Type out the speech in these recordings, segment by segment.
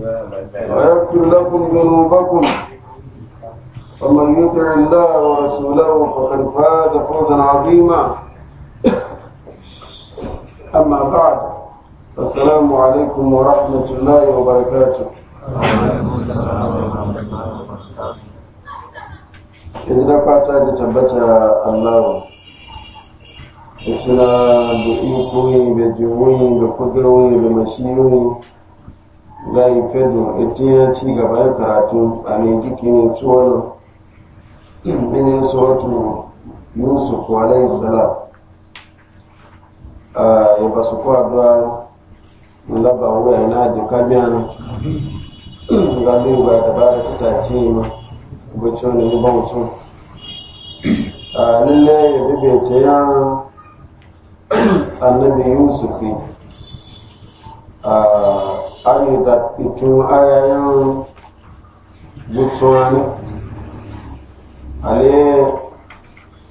ويغفر لكم ذنوبكم ومن يطع الله ورسوله فقد فاز فوزا عظيما أما بعد السلام عليكم ورحمة الله وبركاته yanzu da kwata ji tabbata Allah ya tuna da ikoyi da jiwoyi da kuduroyi da mashiyoyi layi fedo ya ci gaba ya karatu a ne duki ne tsohon mini sautu yusuf alayhi salam ya ba su kwa da laba wuya na da kamiyan gami ba da ba da tutace ma bucin da ya ba mutum a lalle ya bibe ta ya annabi yusuf a ari da itun ayayen gutsuwani ale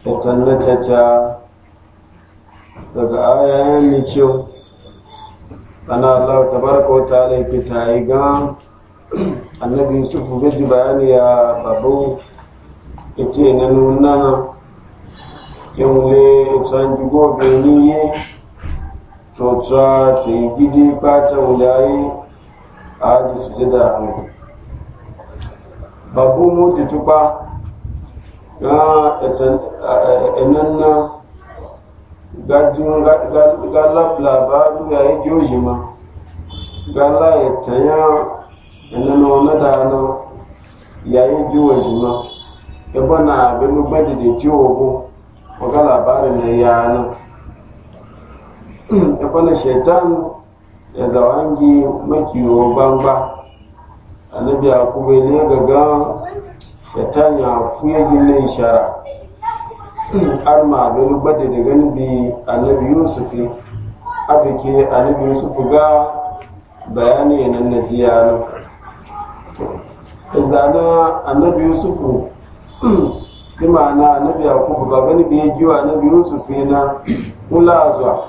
itan na caca daga ayayen mikiyo ana Allah tabaraka wa ta'ala fita yi gan annabi yusuf gaji bayani ya babu ite na nuna kyanwule tsan jigo benin yi tsotsa ta yi gidi fata wulaye aji sujada anu babu mu e, ti tupa na enanna gajun gala labaru ya yi joji ma gala itanya enanna wani dana ya yi joji ma ebe na abinu gbajide ti ogun ọga labarin na ya na ebe na shaitan ya zawangi makiwo bamba annabi kuma ne gaga shaitan ya fuye gina shara har ma gani bada da gani bi annabi yusuf abike annabi yusuf ga bayani ya nan na jiya nan zana annabi yusuf bi ma'ana annabi kuma ba gani bi ya giwa annabi yusuf na kula zuwa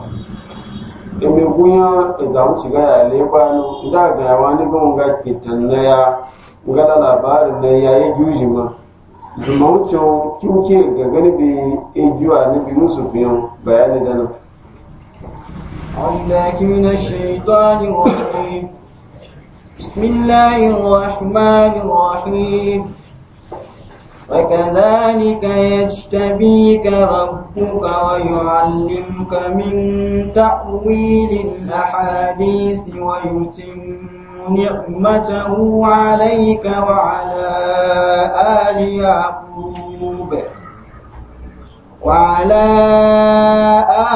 ebe gunya izamu shiga ya lebano da ga yawa ni ga munga kitan na ya ga da labarin na ya yi juji ma zuma wuce kinke ga gani bi ejuwa ni bi musu biyan bayani da nan أعوذ من الشيطان الرجيم بسم الله الرحمن الرحيم وكذلك يجتبيك ربك ويعلمك من تأويل الأحاديث ويتم نعمته عليك وعلى آل يعقوب وعلى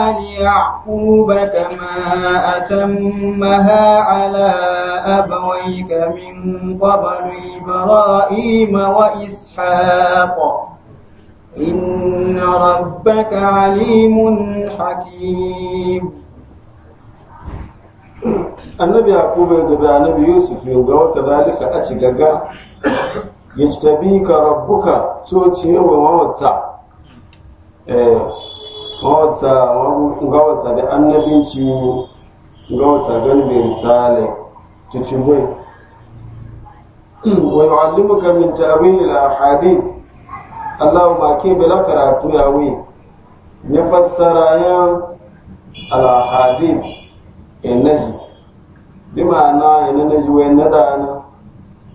آل يعقوب كما أتمها على أبويك من قبل إبراهيم وإسحاق إن ربك عليم حكيم النبي يعقوب يدبي النبي يوسف يقول كذلك أتي جاجا يجتبيك ربك توتي وموتك ngawata ngawata da annabinci ngawata gani bai risale tucimbai wa yu'allimuka min ta'wil al-ahadith Allah ma ke bela karatu ya wi ya fassara ya al-ahadith enaji bi ma'ana enaji wa nadana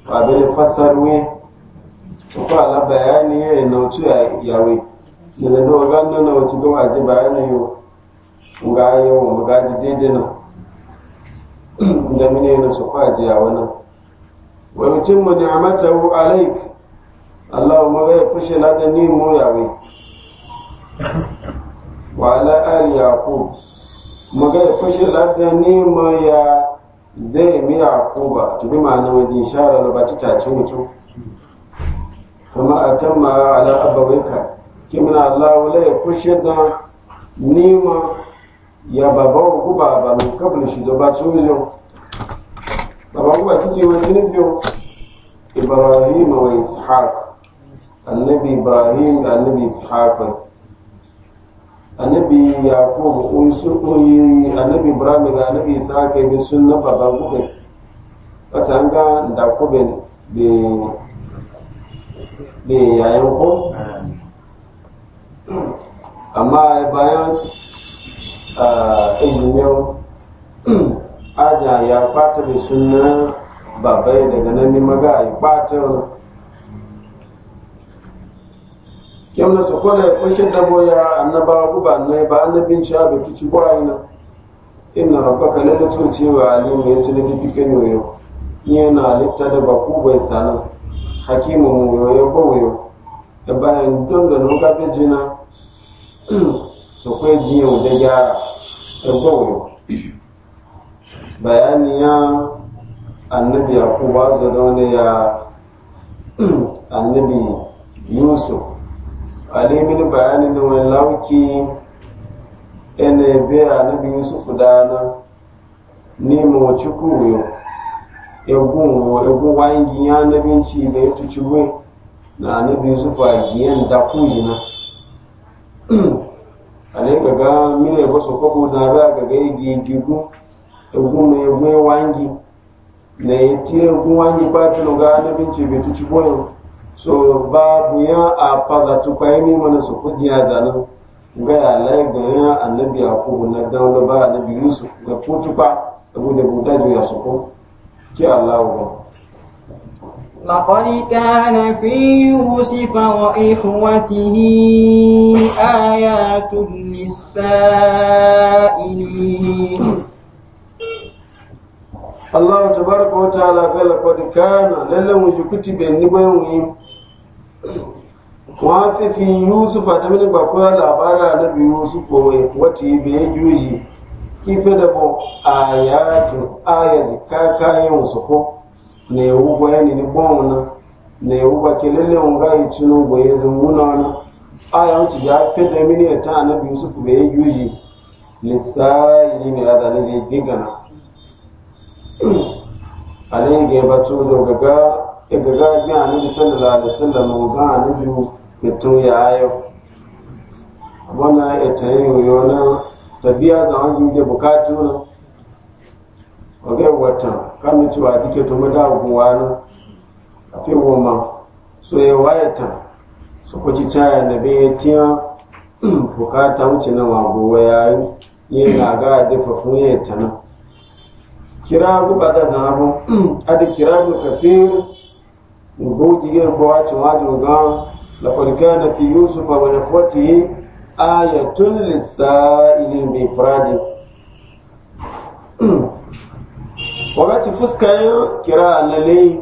ya bela fassaru ko ala bayani ya nautu ya wi sele na ga no no ti go wa na yo nga yo mo ga ji de de na da mine na su kwa ji a wana wa yutimmu ni'matahu alayk Allah ma kushe la da ni mu wa ala ali yaqub ma ga kushe la da ni mu ya zai mi yaquba to bi ma'ana waje shara da ba ta tace Kama kuma atamma ala abawayka kimina allahu ya yakushe da nima ya baba wa guba ba lo kabul shi da ba tsozo baba guba kije wani nufiyo ibrahim wa ishaq annabi ibrahim da annabi ishaq annabi yaqub unsu koyi annabi ibrahim da annabi ishaq bi sunna baba guba katanga da kubin bi bi yayin ko amma bayan izinin aja ya kwata da na babai daga nan ne maga ya kwata wani na sakwada ya kwashe dabo ya annaba guba na ba annabin ci abu kici ba ina inna rabbaka lalle tun cewa alimu ya ci da fifikin yoyo yana litta da baku bai sana hakimu mu yoyo ko yoyo da bayan don da nuka jina sokwe jiyo da gyara ụyọ bayani ya annabi yakuba zo da wani ya annabi yusuf alimin bayanin da wani lauki ene be annabi yusuf dana ni mu wace kuyo egun egun wayin giya ya tuci na annabi yusuf a giyan da kujina Hmm. ale gaga mmiri yabo soko ko e na ba gaga igi gigu egu na egu wangi na eti egu wangi ba tuno ga na binci bitu ci boye so babu ya a faga tu kai ni mana soko Mgbe ala ga ya lai ga ya annabi na dawo ba annabi yusuf ga kutuba abu da ya soko ki allah ba لقد كان في يوسف وإخوته آيات للسائلين الله تبارك وتعالى قال لقد كان للم كتب النبوي wafe fi yusufa da mini bakwai labara na bi wai wata yi bai juji kife da bu ayatu ayazi kakayen su ko na yawu bayani ni bɔnna na yawu ba kelele on ga yi tunu go ye zumuna na aya wuce ya fe da mini ya ta bi yusuf be yuji yi ne ada ne je gigana ale ge ba to do gaga e gaga ga annabi sallallahu alaihi wasallam ga annabi fito ya ayo wannan ta yi yana tabiya zaman yi da bukatu na wata kan cewa wa dike to ma da wani a fi goma so ya wayata so ko ci caya da bai tiya bukata wuce na wa gowa yi n'a ga dafa fun ya tana kira guba da zanabu da kira da kafir gogi yin kowa ci wajen gan a كان kwati ayatun lissa ilin للسائل بإفراده wakati fuskayen kira lalai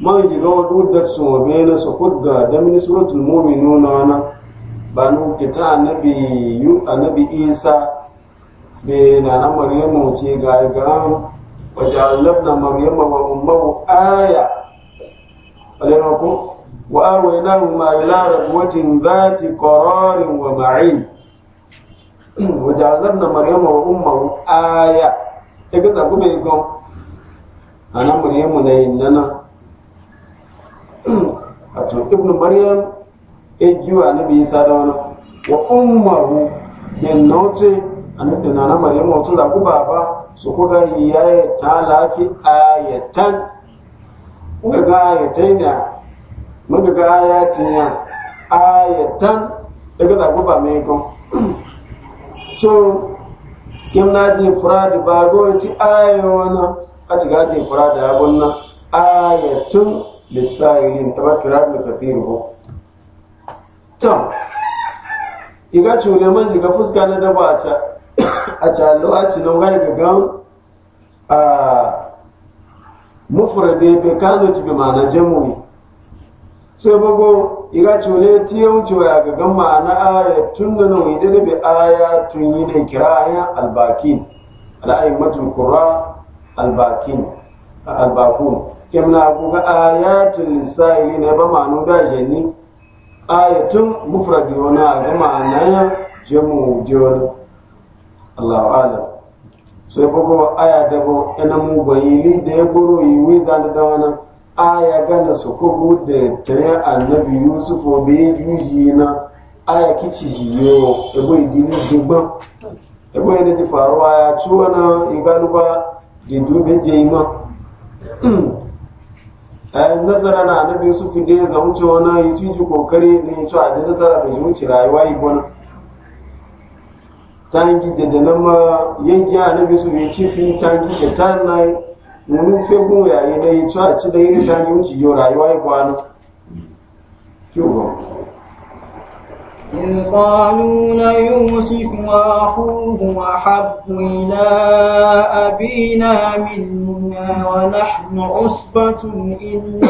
man jiga wadu da tsohon bene su kudga da minisuratul mominu na wana ba nu kita annabi isa be na na maryamu ce ga ga wajen na maryamu wa ummahu aya alaiwa ko wa awainahu ma ila rabwatin zati qararin wa ma'in wajen na maryamu wa ummahu aya e ga zagume gon ana maryamu na yin nana wato ibn maryam e giwa nabi isa da wani wa ummahu min nauti annabi na na maryamu wato da ku baba su ku ga yaye ta lafi ayatan ku ga ayatan ya mun ga ayatin ya ayatan daga da ku ba mai ko so kim na ji furadi ba go ci ayo na a ci gajin fura da yabon na ayatun lissahirin ta bakira da kafin ruhu to iga cule man ziga fuska na daba a ca a ca lokaci na wani gagan a mufura da ya bai kano ci bi ma'ana jamuri sai bago iga cule ti ya wuce wa gagan ma'ana ayatun da nan idan da bai ayatun yi ne kira ayan albakin al'ayyin matukura albakin albakun kemna kuga ayatul lisaili ne ba manu ga jenni ayatun mufradi wana ga ma'ana jemu jona Allahu a'lam so ya bugo aya da bo ina mu bayili da ya goro yi wiza da dawana aya gana su kubu da tare annabi yusuf o be yuji na aya kici jiyo ebo idini jigba ebo ina ti faruwa ya ciwo na igaluba gindu bin je ima ayin nasara na annabi fi da ya zamuce wani yi tuji kokari ne ya ci a da nasara da zuci rayuwa yi gona tangi da da nan ma yanki annabi su bai ci fi tangi shaitan na yi mun fe gun yayi na yi ci a ci da yi tangi wuce yau rayuwa yi gona إذ قالوا ليوسف وأخوه أحب إلى أبينا منا ونحن عصبة إن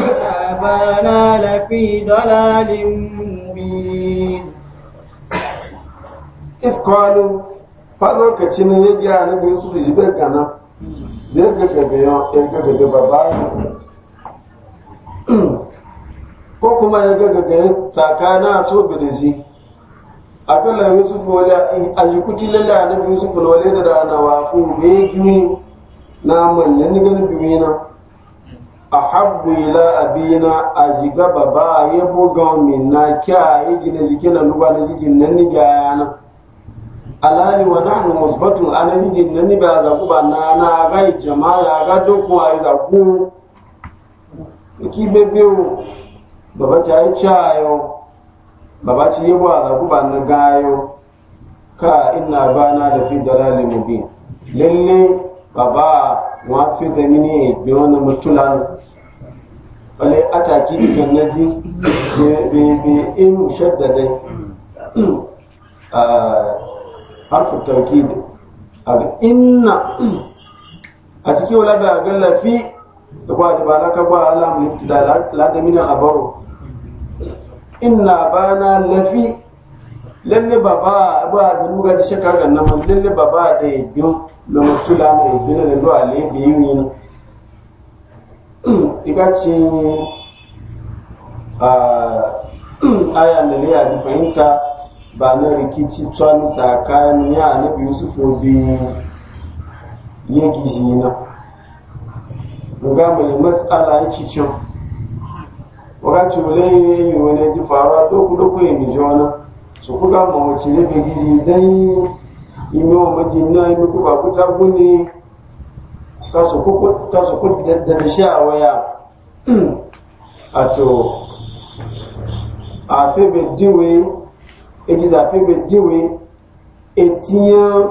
أبانا لفي ضلال مبين إذ قالوا فلو كتشين يجي على يوسف يجيبه كنا زي كتبه يوم كتبه بابا ko kuma ya ga gagare tsakanin a yusufu wala ajukuti lalla annabi yusufu wala da ana wa ku be gimi na manne gani bimi na ahabbu ila abina ajiga baba ya buga min na kya yi gina jiki na luba na jikin nan ni gaya na alali wa nahnu musbatun ana jikin nan ni ba za ku ba na na ga jama'a ga dokun ai za ku ki bebe baba ta yi chayo baba ci yabo a ku ba na gayo ka ina ba na da fi dalali mubin lalle baba wa fi da ni ne bi wannan mutulan a ataki da gannaji bi bi in mushaddadai harfu tawkid aga inna a cikin wala da gallafi da ba da ba la ka ba alam ibtida la da mina abaro inna bana lafi lalle baba ba zanu ga shekar ga nan lalle baba da yibin lo mutula na yibin da lo ale bi yin igaci a aya ne ne ya ji fahimta ba na rikici tsani tsakanin ya annabi yusuf bi ya gishi na ga mai mas'ala ya ci cin wakati ule yi wani ji faruwa doku doku ya miji wani su kuka ma wace ne bai gizi dan imi wa maji na imi kuka kuta guni ka su kuka da da sha waya a to a febe diwe egiza febe diwe etiyan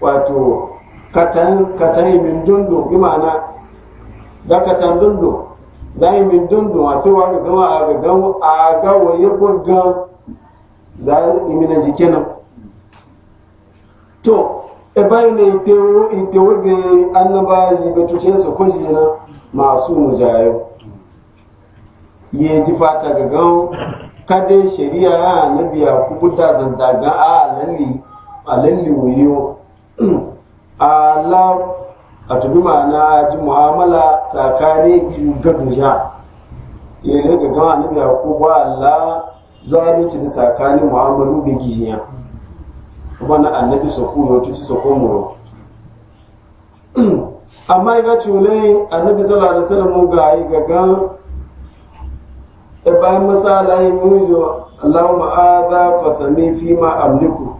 wato katan katan imin dundu bi ma'ana zakatan dundu zai min dundun a fi wani gama a ga gama a ga waye ko ga za imi na jike nan to e bai ne in ipewo be annaba ji to tuce su ko ji na masu mujayo ye ji fata ga gama kada shari'a ya annabi ku buta zanta ga a lalli a lalli wuyo a la a tubi ma'ana ji mu'amala tsakanin iyu gaguja ya ne ga gama ni da ko ba Allah zalunci da tsakanin mu'amalu da gijiya kuma na annabi sako ne tuci sako muro amma ga cule annabi sallallahu alaihi wasallam ga yi gaga e bayan masala yi mujo Allahumma adha qasami fi ma amliku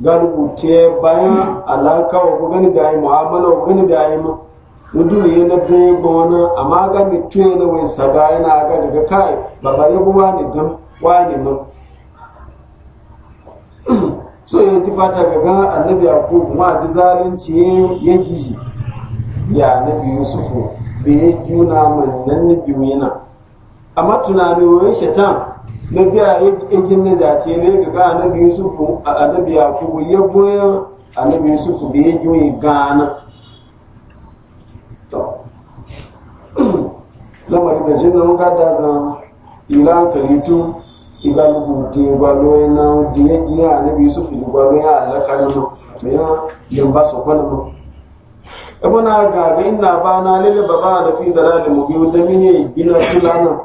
gani bute bayan alaka wa ko gani gayi mu'amala wa gani gayi ma mudu yi na dai bona amma ga mi tuye na wai saba yana ga daga kai baba ya buwa ne dan wani ma so ya ji fata ga ga annabi ku ma ji zalunci ya gishi ya annabi yusufu be yuna man nan ni biyu yana amma tunani wai shaitan na biya egin na zace ne ga ga annabi yusufu annabi yakubu ya boya annabi yusufu bi egin yi gana to lamari da jin nan ga da zan tu kalitu igalugu ti gwalo na di egin ya annabi yusufu di gwalo ya alaka na mu me ya yamba so kwana mu ebona ga ga inna bana lele baba da fi dalalin mu biyu da mini gina tulana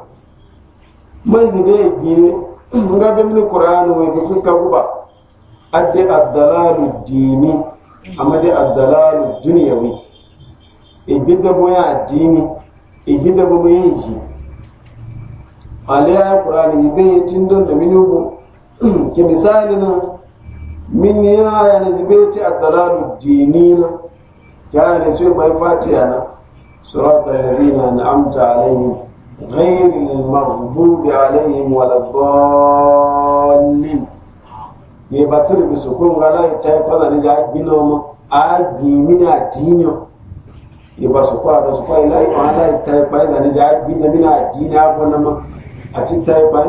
man zige biye nga be mini qur'anu wa ga fuska kuba adde ad dini amma de ad-dalalu dunyawi e bidda bo ya dini e bidda bo bo yiji alaya qur'ani be tindon da mini bu ke misali na min ya ya na zibeti ad-dalalu dini na ya ne ce bai fatiha na suratul ladina an'amta alaihim غير المغضوب عليهم ولا الضالين ye batir bi su kun gala ya tayi fada ne ja gino mu a gimina dinyo ye ba su kwa da su kwa ila ya ala ya tayi fada ne ja gina mina dinya ko na ma a ci tayi ma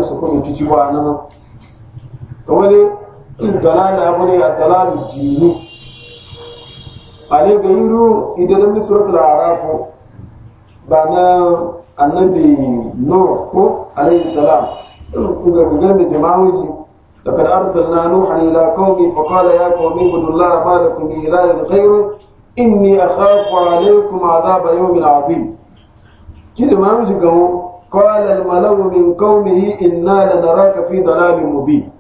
dini ale ga yiru idan misratul annabi nuh ko alayhi salam kuga kugan da jama'oji لقد أرسلنا نوحا إلى قومي فقال يا قوم اعبدوا الله ما لكم من إله غيره إني أخاف عليكم عذاب يوم عظيم كذا ما مش قال الملو من قومه إنا لنراك في ضلال مبين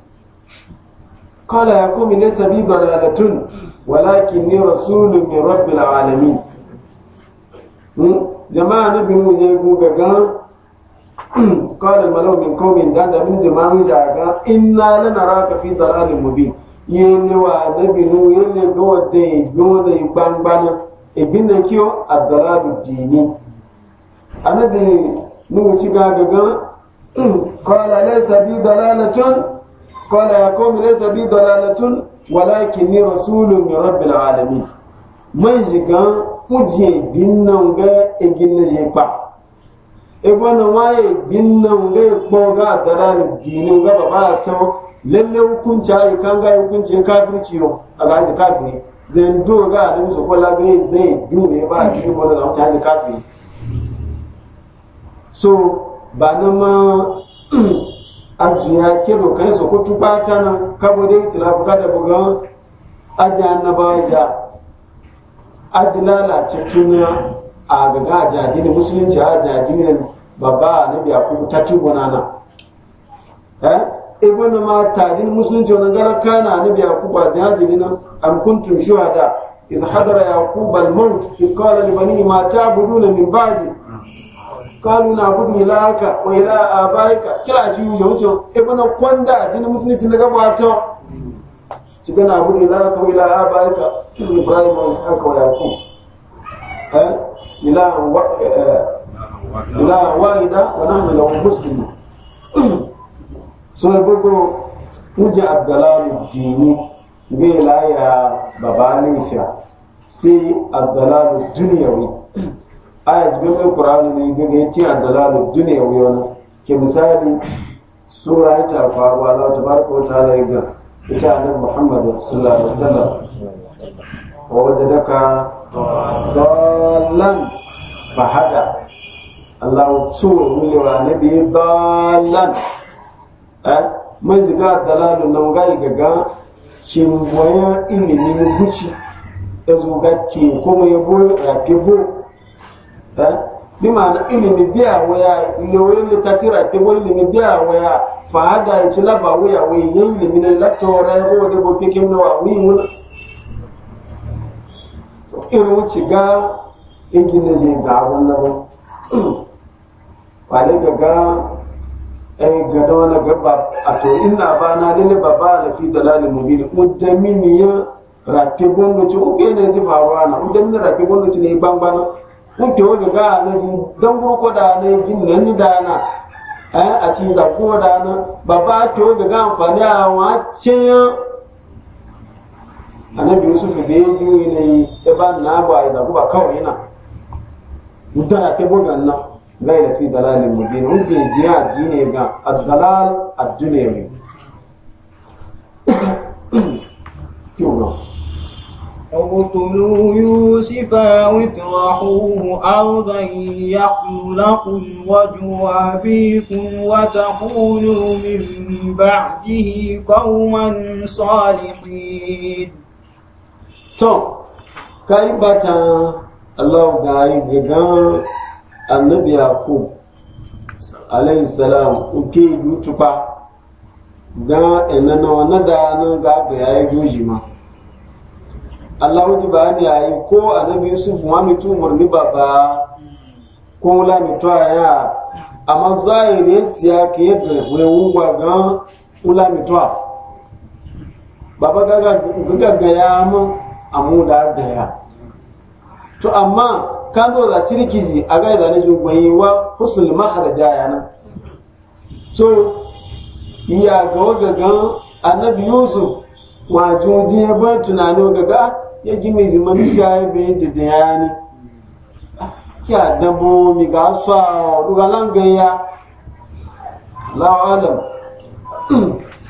قال يا قوم ليس بي ضلالة ولكني رسول من رب العالمين jama'a na bin wuje guga gan kawai malau min min da da min jama'a wuje ga inna la naraka fi dalalin mubin yene wa na binu yene ga wadda ya gona ya gbangbana ibin ne kiyo a bi dini annabi nuhu ci gaga gan kawai laisa bi tun kawai ya kawai laisa bi tun walakin ni rasulun min la alamin man shigan kuje binnan ga egin na je pa ebo na waye binnan ga ko ga dalal dinin ga baba to lalle hukunci ai kan ga hukunci kafirci yo aga ji kafiri zan do ga da musu kola ga zai dune ba ki ko da ta ji kafiri so ba na ma ajiya ke do kai su ko tubata na kabo dai tilafu kada buga ajiya na ba ja aji lalaceccun a gaga a jajini musulunci a jajinin babba na biya ku ta tubuna na eh ibn ma tadin musulunci wannan gara kana na biya ku ba jajini na am kuntum shuhada idh hadara yaqub al maut idh qala li bani ma ta'buduna min ba'di qalu na'budu ilaka wa ila abaika kila shi yau yauce ibn kwanda jini musulunci na gabata shiga na abu ila ka ila abaika ibrahim wa ishaqa wa ya eh ila wa eh, ila wahida wa nahnu lahu muslimun so ne gbogbo muje abdalalu dini be la ya baba lafiya sai abdalalu duniyawi aya jibe mai kuranu ne ga yace abdalalu duniyawi wani ke misali sura ta faruwa Allah tabaraka wa ta'ala ya ita annabi Muhammad sallallahu alaihi wasallam wa wajadaka dallan fahada allahu tsuwa wuli wa annabi dallan eh mun ziga dalalu nan ga gaga shin boya ilimin guci ezo ga ke kuma yabo ya kebo eh bimana ilimi biya waya lewele tatira tebo ilimi biya waya fahaga itu laba waya we ye ilimi na la tora ya wode bo peke mna wa wi mun to iru wuci ga ingine je ga abun na ba wale ga ga eh ga da wala ga ba ato inna ba na dele baba la fi dalal mubin mudamini ya ratibon do ci o ke ne ti faruwa na mudamini ratibon do ci ne bangbana nke oge ga na zin don gurko da na gin nan ni da na a ci za ko da na baba ke oge ga amfani a wacin ya annabi yusuf be yi ne ya ba na ba ya zaku ba kawai na mutara ke bugan na gaira fi dalalin mubin unje biya dine ga ad-dalal ad-dunyawi اقتلوا يوسف أو اطرحوه أرضا يخل لكم وجه أبيكم وتقولوا من بعده قوما صالحين تو كيبتا الله قايد قال النبي يعقوب عليه السلام وكي يوتوبا ga enana wannan da nan ga ga yayi goji ma allahu ji bayani yayi ko annabi yusuf ma mitu ni baba ko la mi mitu aya amma zahiri siya ke be we wugwa gan ula mitu baba gaga gaga gaya mu amu da gaya to amma kan do da cirkiji a ga da ne jugwayi wa husnul makhraja yana so ya ga gaga annabi yusuf wajojin ya bar tunani ga? ya ji mai zima ni ga ya bai da ya ne. ki a dabo mi ga so a duga langa ya lawa alam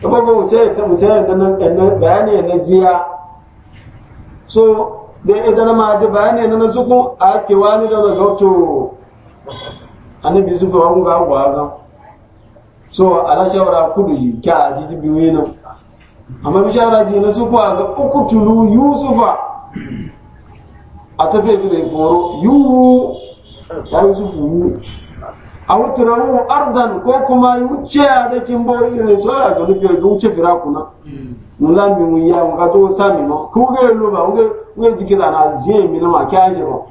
ta babba wuce ta wuce da nan bayani na jiya so da idan ma da bayani na suku a ke wani da ga gauto annabi su fa wani ga gwa ga so ala shawara kudu ki a jiji biyu nan amma bishara ji na suku a ga uku tulu yusufa a tafiya ji mai foro yuhu ya yusufu yu a wuturawu ardan ko kuma yi wuce a dakin bawa irin so ya ga nufi ga wuce firakuna nula mi mu ya mu ka to sami mo ku ga yelo ba ku ga jiki da na je mi na ma kya je mo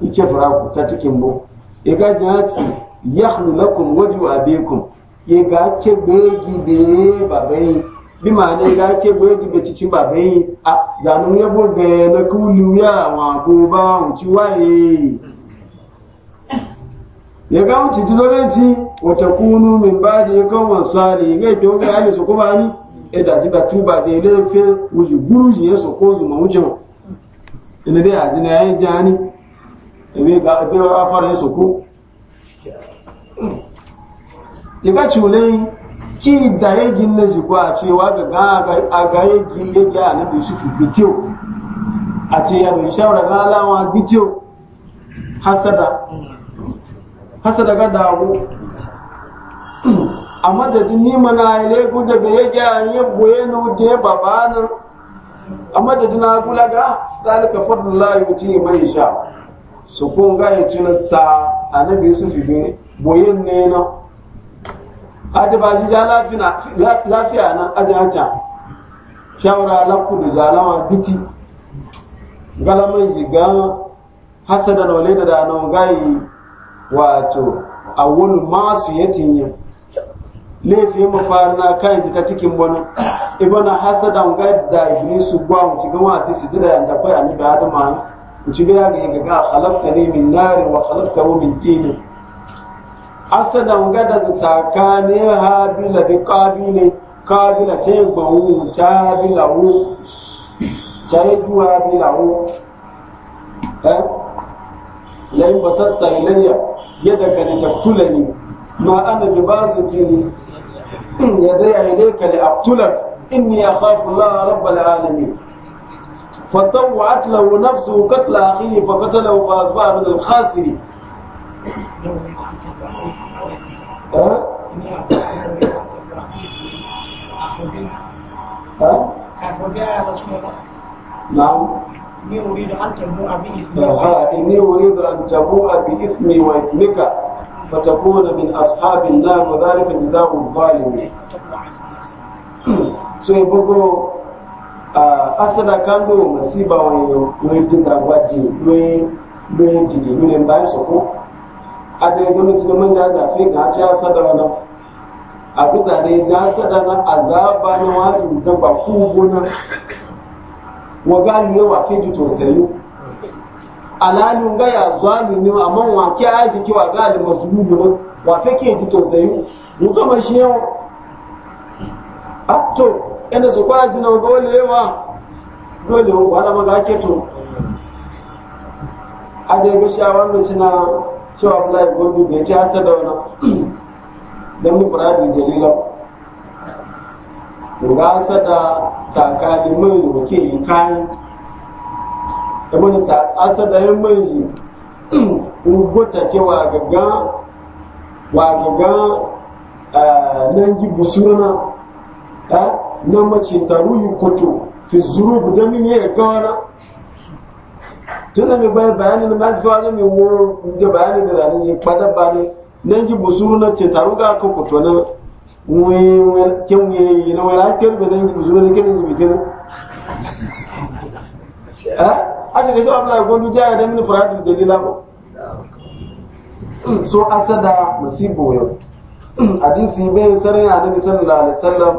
ike firaku ta cikin bo e ga jati yakhlu lakum wajhu abikum ye ga gbegi be babai bi ma ne ga ke gbegi be cikin babai a Zanu ya bo ga na kulu ya wa go ba un ci waye e. ya ga un ci ti dole ci wa takunu min ba'di qawman sali ga ke ga ali su ko ba ni e da ziba tuba de le fe wuji guru ji yeso ko zuma wujo ina e dai ajina yayi jani ebe ga ebe afara yeso ko iga cule ki da yegi na jikwa cewa daga aga yegi yegi a na yusufu bitiyo a ce ya bai shawara ga alawa bitiyo hasada hasada ga dawo a madadin ni mana ile ku daga yegi a yi boye na wuce babanin a madadin na kula ga zalika fadlullahi yuti man sha su kun ga ya tuna tsa annabi yusufu boye ne na adi ba ji ja lafiya nan aji haca shawara lakudu ja lawa biti galamai ji ga hasada na wale da danon gayi wato a wani masu ya tinye ma mafari na kayan ji ta cikin wani ibana hasada ga da iblisu gwa mu ci gama ta siti da yanda kai ba da ma ku ci ga ga ga khalaqtani min nar wa khalaqtahu min tin asadan gada su tsakanin habila da kabile kabila ce gbawu ta bilawu ta yi duwa bilawu eh lain basatta ilayya yadda ka da taktulani ma ana bi ba su tiri yadda ya yi ka da aktulak inni ya khafu la rabbal alamin fatawwa'at lahu nafsu qatla akhihi fa qatalahu fa asbaha min al-khasirin نعم إني أريد أن تبوء بإثمي إني أريد أن تبوء بإثمي وإثمك فتكون من أصحاب النار وذلك جزاء الظالمين so ibogo asada kando masiba weyo wejeza gwadi lwe didi lwe mbaye soko ada ya gano cikin manja jafe ga ci asada wani a guza ne ja sadana na azaba na wajin da ba kuguna wa gani yawa fi ji tausayi alalun ga ya zalimi amma wa ke aji ki wa gani masu ne wa fi ke ji tosayi mutum shi yawa a to yana su kwaji na dole yawa dole wa da maza ke to a da ya gashi a cewa ya gobe da ya ci hasa da wani don mu furadi jalila ga hasa da takalin mai da ke yi kayan da mun ta hasa da yin mai ji ugota ke wa gaga wa gaga nan ji busurna nan mace taruyi koto fi zuru da min ya gawana tun da mi bai bayani na mai fara mi wo je bayani da zani yi kwada bani nan ji busuru na ce taru ga ko ko tona we we mu ye na wala ker be nan ji busuru na kenan ji kenan a cikin ga so abla gondu ja da min da jalila ko so asada musibo yo hadisi bai sarai annabi sallallahu alaihi wasallam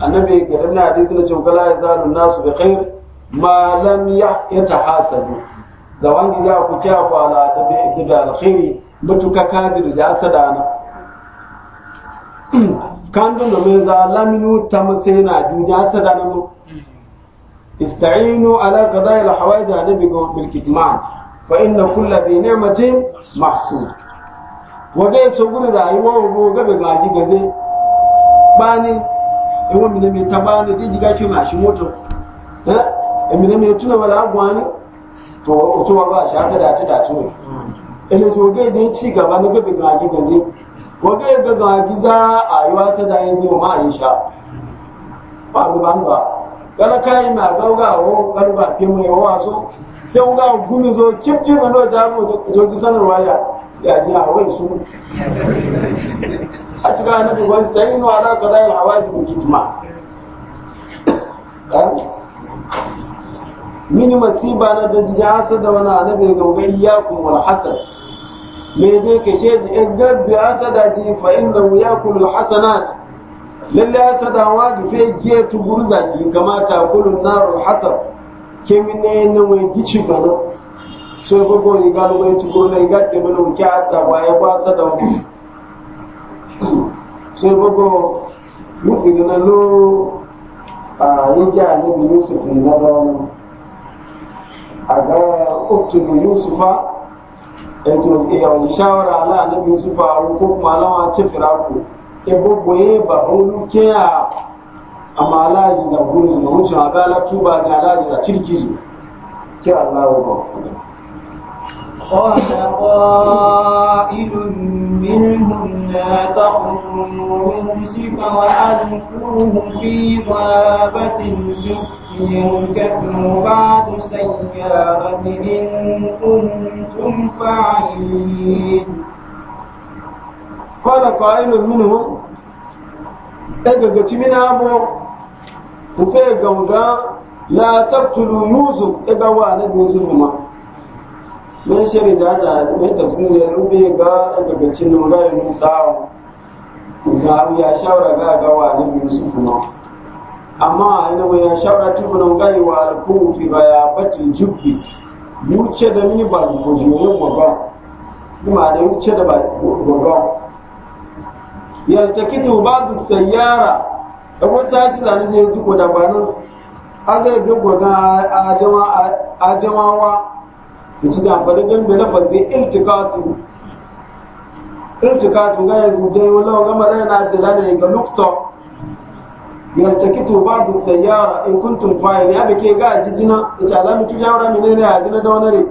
annabi ga dan hadisi na ce kala ya zalu nasu bi khair ma lam yatahasadu zawangi za ku kya kwala da bi da alkhiri mutuka kadir ya sadana kandu no me za laminu tamse na ju ja sadana mu istainu ala qada al hawaij nabi go bil kitman fa inna kulli bi ni'matin mahsud wage to guri rayuwa go gabe gaji gaze bani e wo mi ne mi tabani diji gaki na shi moto eh e mi ne mi tuna wala gwani to wato ba shi asa da ta da to ene to ga dai ci gaba ne gabe ga gi gaze wa ga ga ga gi za a yi wasa da yin ma a yi sha. ba ga ban ba kala kai ma ga ga wo kala ba ke mai wa so sai ga gumi zo cip cip no ja mu to ji sanarwa ya ya ji a wai su a cikin annabi wani stayin wa ala qada'il hawajib kitma mini masiba na da ji da wani annabi ga wani ya kuma hasad me je ke she da gabbi eh, bi da ji fa innahu ya kuma hasanat lalle da wa ji fe ge tu gurza ki kamata kulun narul hatab ke mine ne mai gici bana so ko go yi ga lo tukuru na yi ga te bana hatta wa ya ba wani so ko go musigina lo a yi ga annabi yusuf ne na da wannan aga uktubu yusufa eto yawon shawara ala annabi yusufa ko kuma alawa ce firaku e gbogbo ye ba olu ke a amma alaji da gudu na wucin abala tuba da alaji da cirkiri ke allahu قال قائل منهم لا تقروا يوسف وألقوه في غابة يركبوا بعد سيارة إن كنتم فاعلين قال قائل منهم أجدت من أبو وفيه لا تقتلوا يوسف إذا هو نبي يوسف ما min shari da da mai tafsir ya rubi ga daga cinin gai mun abu ya shawara ga ga wani yusuf na amma ina mai ya shawara tun gai wa alku fi bayabatil jubbi yuce da mini ba ko jiyoyin gwagwa kuma da yuce da gwagwa yaltakitu ba'du sayyara abu sai zane zai duko da banin aga ga gwagwa adamawa mici da amfani don da lafazi iltikatu iltikatu ga yanzu dai ga mara yana da ga ba'du sayyara in kuntum fa'il ya bake ga jijina ita alamu tujawara ne ya jina da wani ne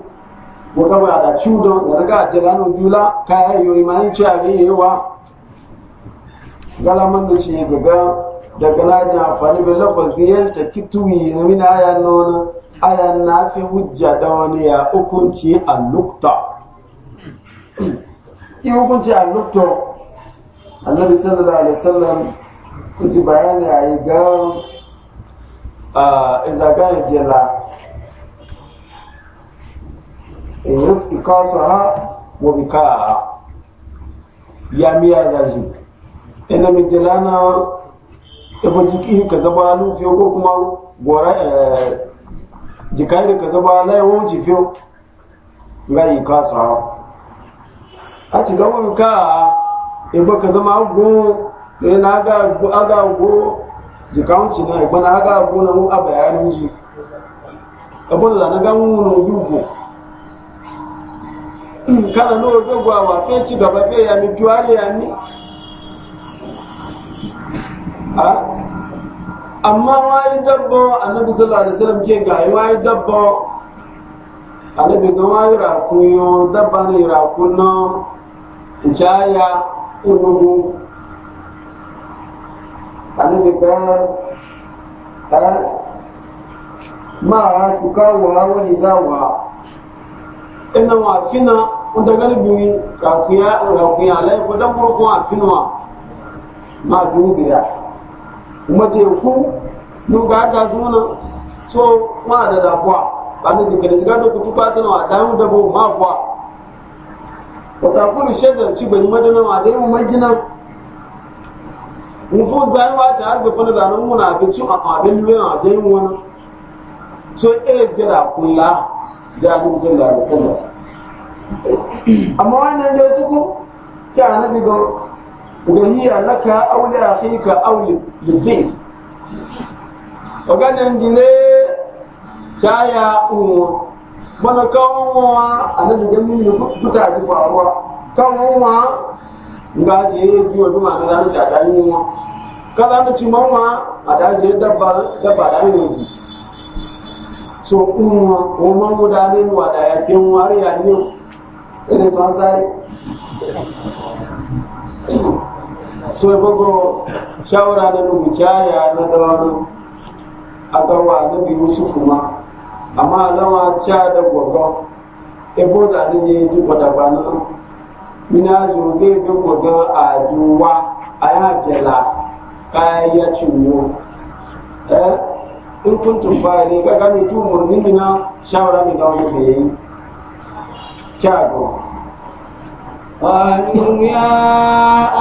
ko ga ba da chudo ya riga dala dula kai yoyi imani ce a ga yewa da ce ga daga na amfani da lafazi yaltakitu yi mina ya nona aya na fi hujja da wani ya hukunci a nukta in hukunci a nukta annabi sallallahu alaihi wasallam kuji bayani a yi ga jela dela irif ikasa ha wa bika ya miya zaji ina mi dela na ibo jiki ka zaba lufi ko kuma gora eh, jikari ka zaba lai won ji fiyo nga yi ka sa a ci ga won ka e ba ka zama go ne na ga go aga go jikaun ci na e ba na aga go na mu abayanin ji abun da na ga mu no yugo kana no go gwa wa fe ci gaba fe ya mi juale ya ni a amma wayi dabba annabi sallallahu alaihi wasallam ke ga wayi dabba annabi ga na rakun yo dabba ne no jaya unugu annabi ga ta ma su kawo wa hizawa ina wa fina unda galibi rakuya rakuya lai ko dan afinwa ma duzira majeku nuga ga zuna so wa da da kwa ba ne jikare jiga da kutu ba tana wa damu da ma kwa wata kulu shedar ci bai madana ma dai mu magina mun fo zai wa ta har da fana zanan mu na bi ci a abin luwa a dai mu wani so e jira kula da mu sallallahu alaihi wasallam amma wannan dai su ko ta annabi ga وهي لك أو لأخيك أو للذئب وقال ينجلي تايا أمور mana kawowa a nan da mini kuta ji faruwa kawowa ga je yi biyo bi yi wa ka a da so umma o man wa ya kin wari ya ne so gbogbo shawara da n'ubu caya na dawani a gawa na biyu yusufu ma amma alama ca da gogo ebo da ni je ji gwada bana mina zo ge be gogo a juwa a ya jela kaya ya ciwo eh in kuntum fari ga ga mi tumur min na shawara mi ga wani ke yi kyago قالوا يا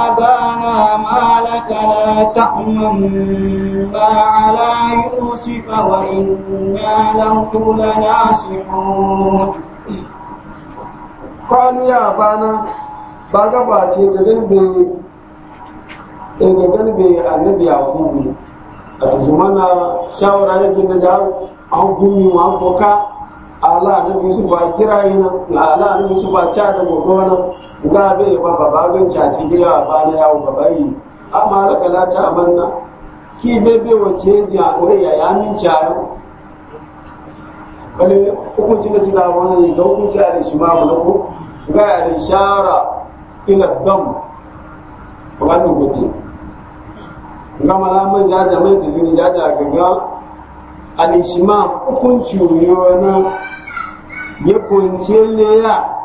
أبانا ما لك لا تأمنا على يوسف وإنا له لناصحون قالوا يا أبانا baga ba ce ga bai annabi a kuma a tuzumana shawara yake na jaru an gumi wa koka ala annabi su ba kira na, ala annabi su ba cha da gogo ga be ba baba gan caci ge ya ba ne yawo baba yi amma raka la ta amanna ki be be wace ja o ya ya min cayo bale hukunci da tila wani ga hukunci a da shi ma mu ko ga ya da shara ila dam ba ni gote ga malaman ja da mai tilin ja da gaga alishima hukunci yoyo na ya kunciyar ne ya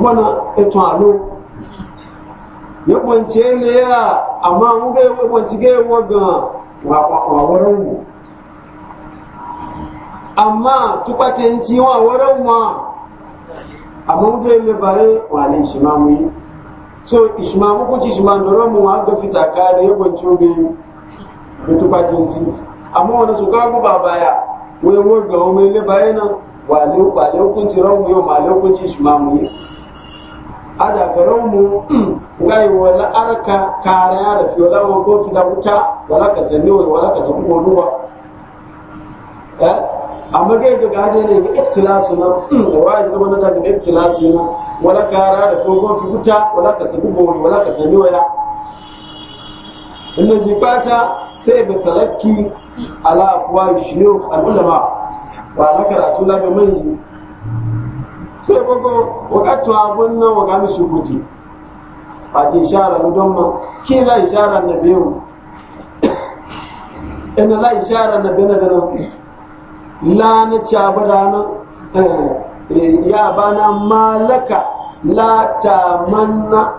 mana eto alo ya kwance ne ya amma mu ga ya kwance ga yawa ga wawaran mu amma tukwatin ci wawaran wa amma mu ga ne bare wane shi ma mu yi so ishma mu ko ci ishma ndoro mu wa ga fisa ka ne ya kwance ga tukwatin ci amma wani su ga ba baya wai wani ga wani ne bare nan wale wale hukunci ran mu yau ma hukunci shi ma mu yi ada garin mu gai wala arka kare ya rafi wala wa ko da wuta wala ka wai wala ka sanni ko ruwa eh amma gai ga gade ne ga iktilasu na da wai zama na da zama iktilasu na wala kare ya rafi ko fi wuta wala ka sanni ko wala ka sani wala inna zibata sai ba talakki ala afwa shuyukh al ulama wa na karatu la bi manzi sai bago wakatu abun nan ga musu kuti, ba ta ishara mu don ma kila ishara na biyu ina la ishara na biyu na ganin la na ci abada eh, ya ba na malaka la ta manna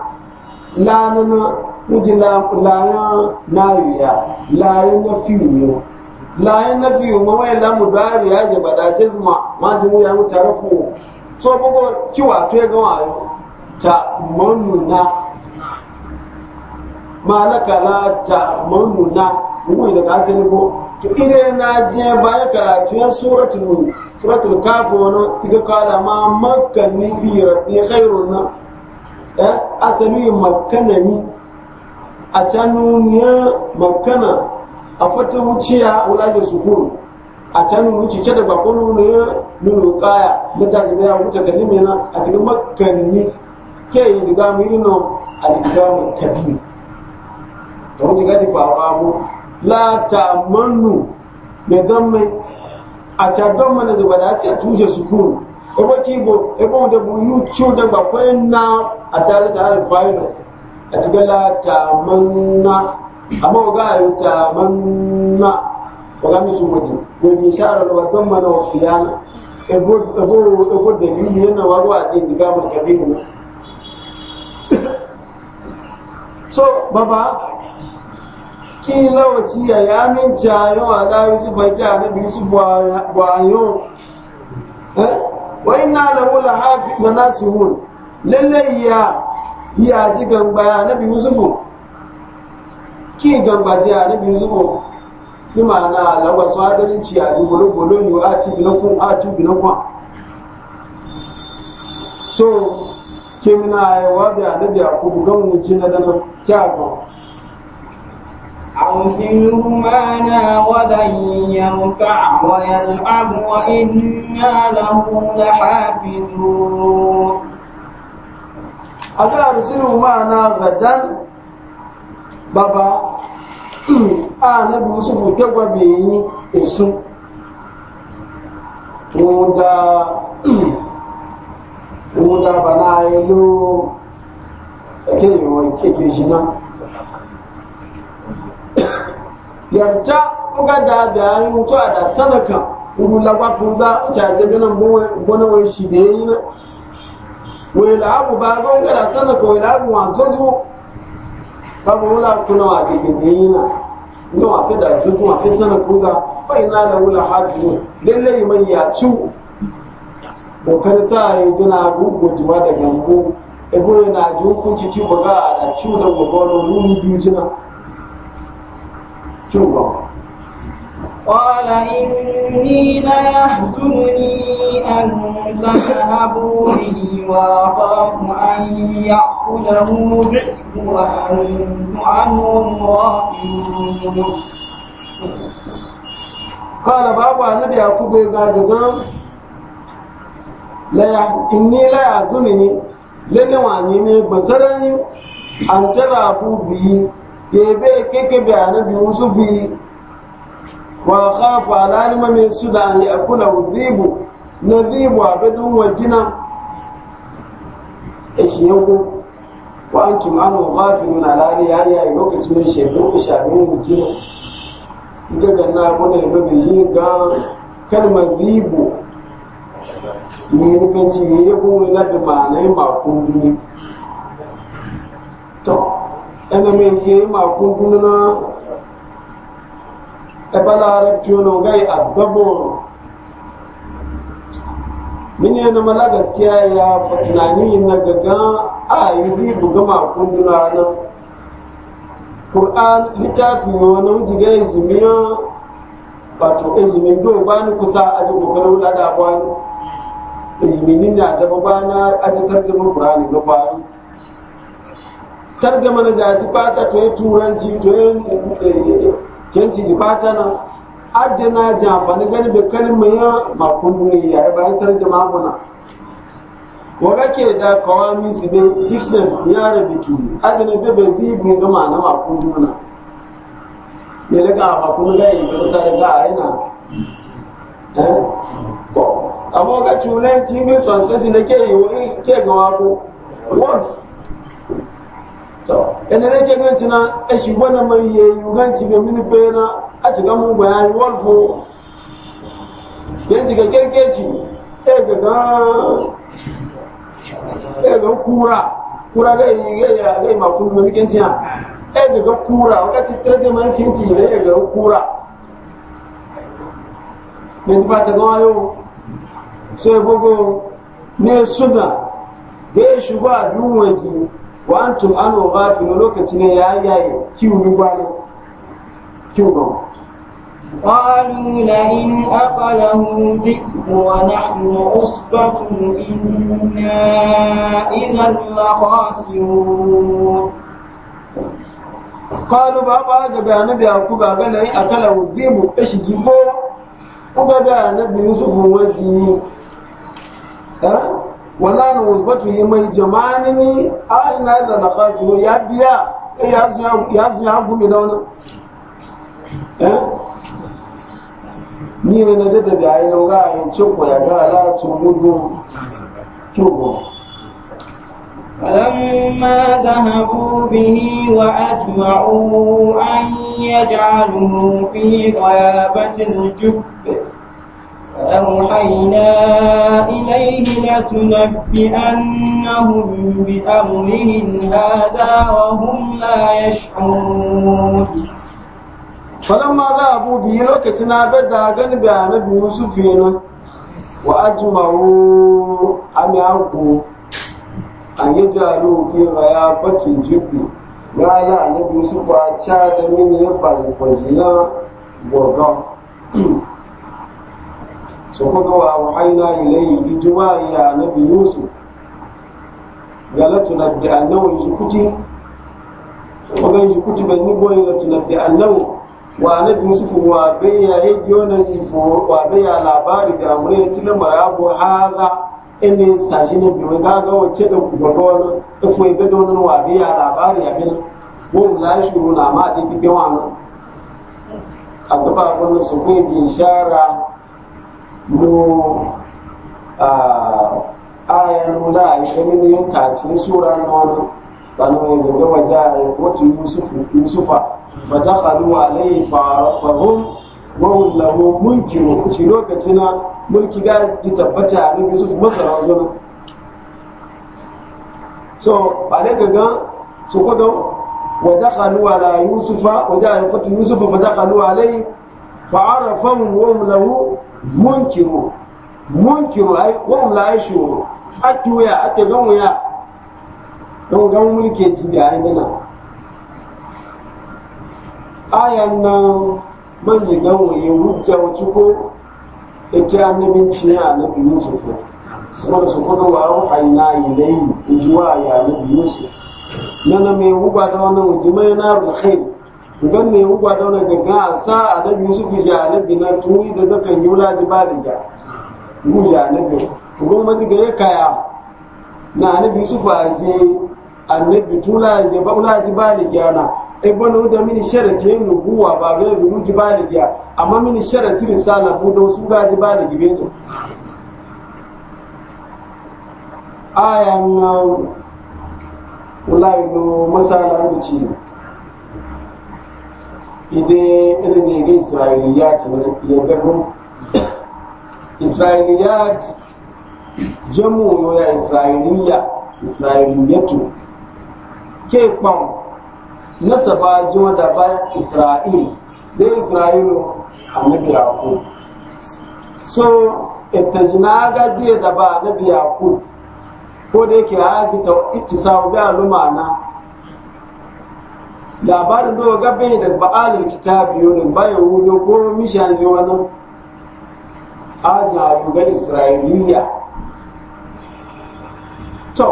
la na na Muji layan nayuya layan na mu, layan na fiyo ma wai lamu da ya ji bada da ce zuma ma ji mu ya mu tarafu so bogo kiwa to ga wayo ta manuna malaka la ta manuna mu da ka sai ko to ire na je baya karatu ya suratul suratul kaf wono tiga kala ma makkani fi rabbi khairun eh asali makkanani a canu ne makkana a fata wuciya wala da sukuru a can wuce ce da gwakwaro ne ya nuna kaya na da zuba ya wuce kalli mai na a cikin makanni ke yi riga mu yi nan a riga mu kabi ta wuce gadi fawa mu la ta manu da gamme a ta gamme na zuba da ake tushe sukun ebo kibo ebo da bu yu ciwo da gwakwai na a tare da harin a cikin la ta manna amma ga ta manna wagami sumaji goji shara da watan mana wa fiyana ebo da yi yana waru a ce diga mai kabiru so baba ki eh? lawaci ya ya min jayo a da yusuf ya ja na biyu su bayo wa ina da wula hafi da nasihun lallai ya ya ji gamba ya na biyu sufu ki gamba ji ya na biyu sufu bi ma'ana lawa su adalci a ji bolo bolo ne a ci gina a ci gina kun so kimina ya wa bi annabi a kudu gan wuce na dana kyawu أرسله معنا غدا يركع ويلعب وإنا له لحافظون أقرأ أرسله معنا غدا بابا a ah, anabi yusufu jọgba bẹyìn èso wọn da wọn da bana ayé ló ẹkẹ ìwọn èkejì náà yarda kuka da bayanin mutu a da sanaka kudu lagwafin za a caje ganin gwanawar shi da yi na wai la'abu ba gwan gara sanaka wai la'abu wa gazo babu wula tuna wa gege yina ndo wa fida zutu wa fi sana kuza fa na la wula ne lalle man ya cu kokar ta yi gugu gugujuwa da gambo ebo na ji hukunci ci buga da cu da gobe wani ruhu jujina cu ba قال إني ليحزنني أن تذهبوا به وأخاف أن يأكله الذئب وأنتم عنهم غافلون قال بابا النبي يعقوب يقول inni la إني لا ni lele wani ne basarai an tara abu biyi gebe keke bi anabi musu biyi wa khafu alalima min suda an yakula dhibu na dhibu abadun wa jina eshi yanku wa antum anu ghafilun alali ya ya lokacin da shekaru ku shafin mu jina ita ga na wani da bai yi ga kalmar dhibu ne nufanci ne ya kuma na da ma'anai makon duniya to ɗan da mai ke makon duniya ebalarar tono gai a gabon mini na mala gaskiya ya fa tunani na gaga a yi zai buga makon tunana ƙur'an littafi wani wujiga izimiya wato Izumi do bani kusa a ji bukarar wulada bani ne na daba bana a ji tarjama ƙur'ani na bani tarjama na jaji bata to yi turanci to yi kenci ji bata nan adana ji ni gani bai kalmar ya makon duniya ya bayan tarjama guna waga ke da kawami su bai dictionaries ya rabi ki adana bai bai zibi ga ma makon na ne daga makon da yi bai sa daga a yana eh ko amma ga cule ci translation da ke yi ke gawa ko words to ene ne kege tina e shi na man ye yuganci be mini na a ci gamu bayani wolfo yanci ga kerkeci e ga ga e ga kura kura ga yi ya ga ma kun mun kenci ya e ga ga kura wakati trade man kenci ne e kura ne ti pata ga o so e ga wa antum anu ghafinu lokaci ne ya yaye kiwu bi gwale kiwu ba قالوا لئن أقله الذئب ونحن عصبة إنا إذا لخاسرون قالوا بابا جبا نبي أكو بابا لئن أقله الذئب إيش جيبو وجبا نبي يوسف وجيه ها wala na wasbatu yi mai jamani ni a ina da na kasu ya biya ya su ya gumi da wani ni ne na dada ga yi nauga a yi cikwa ya ga alatun gudu kyau فلما ذهبوا به وأجمعوا أن يجعلوه في غيابة الجب أوحينا إليه لتنبئنهم بأمرهم هذا وهم لا يشعرون فلما ذهبوا به لوكتنا بدا غن بيان يوسف هنا وأجمعوا أن يعرفوا أن يجعلوا في غيابة الجب لا لا نبي يوسف أتشاد من يبقى الفجيان برغم sokoto wa auhaina ilayhi ijwa ya nabi yusuf galatuna bi annahu yukuti sokoto yukuti ben ni boy galatuna bi annahu wa nabi yusuf wa bayya yajona ifo wa bayya labari da amre tilamara marabu hadha ene sashi ne biyu ga wa ce da gobe na ifo ibe da wani wa biya labari ya gina wọn la shuru na ma da wa wani a gaba wani su kai shara no ayar la min yin tacin sura na wani bani gaba waje wata yusufa fa ta faru alayhi farafahun wahun lahu kuci lokaci na mulki ga ji tabbata a nan yusuf masara zuwa so ba ne su kudu wa dakhalu ala yusufa wa ja'a yusufa fa dakhalu alayhi munkiru munkiru ai wọn la ai shuru a tuya a te gan wuya don gan mulke ti da ai dana ayan nan man yi gan wuye hujja wuce ko ita annabinci ya annabi yusuf kuma su kudu wa ruhaina ilayhi ijuwa ya annabi yusuf nana mai huba da wannan wujimai na rulkhair idan ne ugwa daunar gaga a sa annabi yusuf ji annabi na tuni da zakan yi wula ba da ga mu ji annabi kuma mati ga ya kaya na annabi yusuf a a nabi tula je ba wula e ji ba da ga na e bana da mini sharati yin nubuwa ba ga yi ji ba da ga amma mini sharati risala ko don su ga ji ba da gibe to ayan wallahi no masala wuce ide ina zai ga isra'iliyat ya dabo isra'iliyat jamu ya isra'iliya isra'iliyatu ke kwan nasaba jo da ba isra'il zai isra'ilu annabi ku? so itajna ga je da ba annabi ku ko da yake haji ta ittisau ga lumana labarin da ga da ba'alul kitabi yau nan bayan wuri ko mishan ji wani aja ga isra'iliya to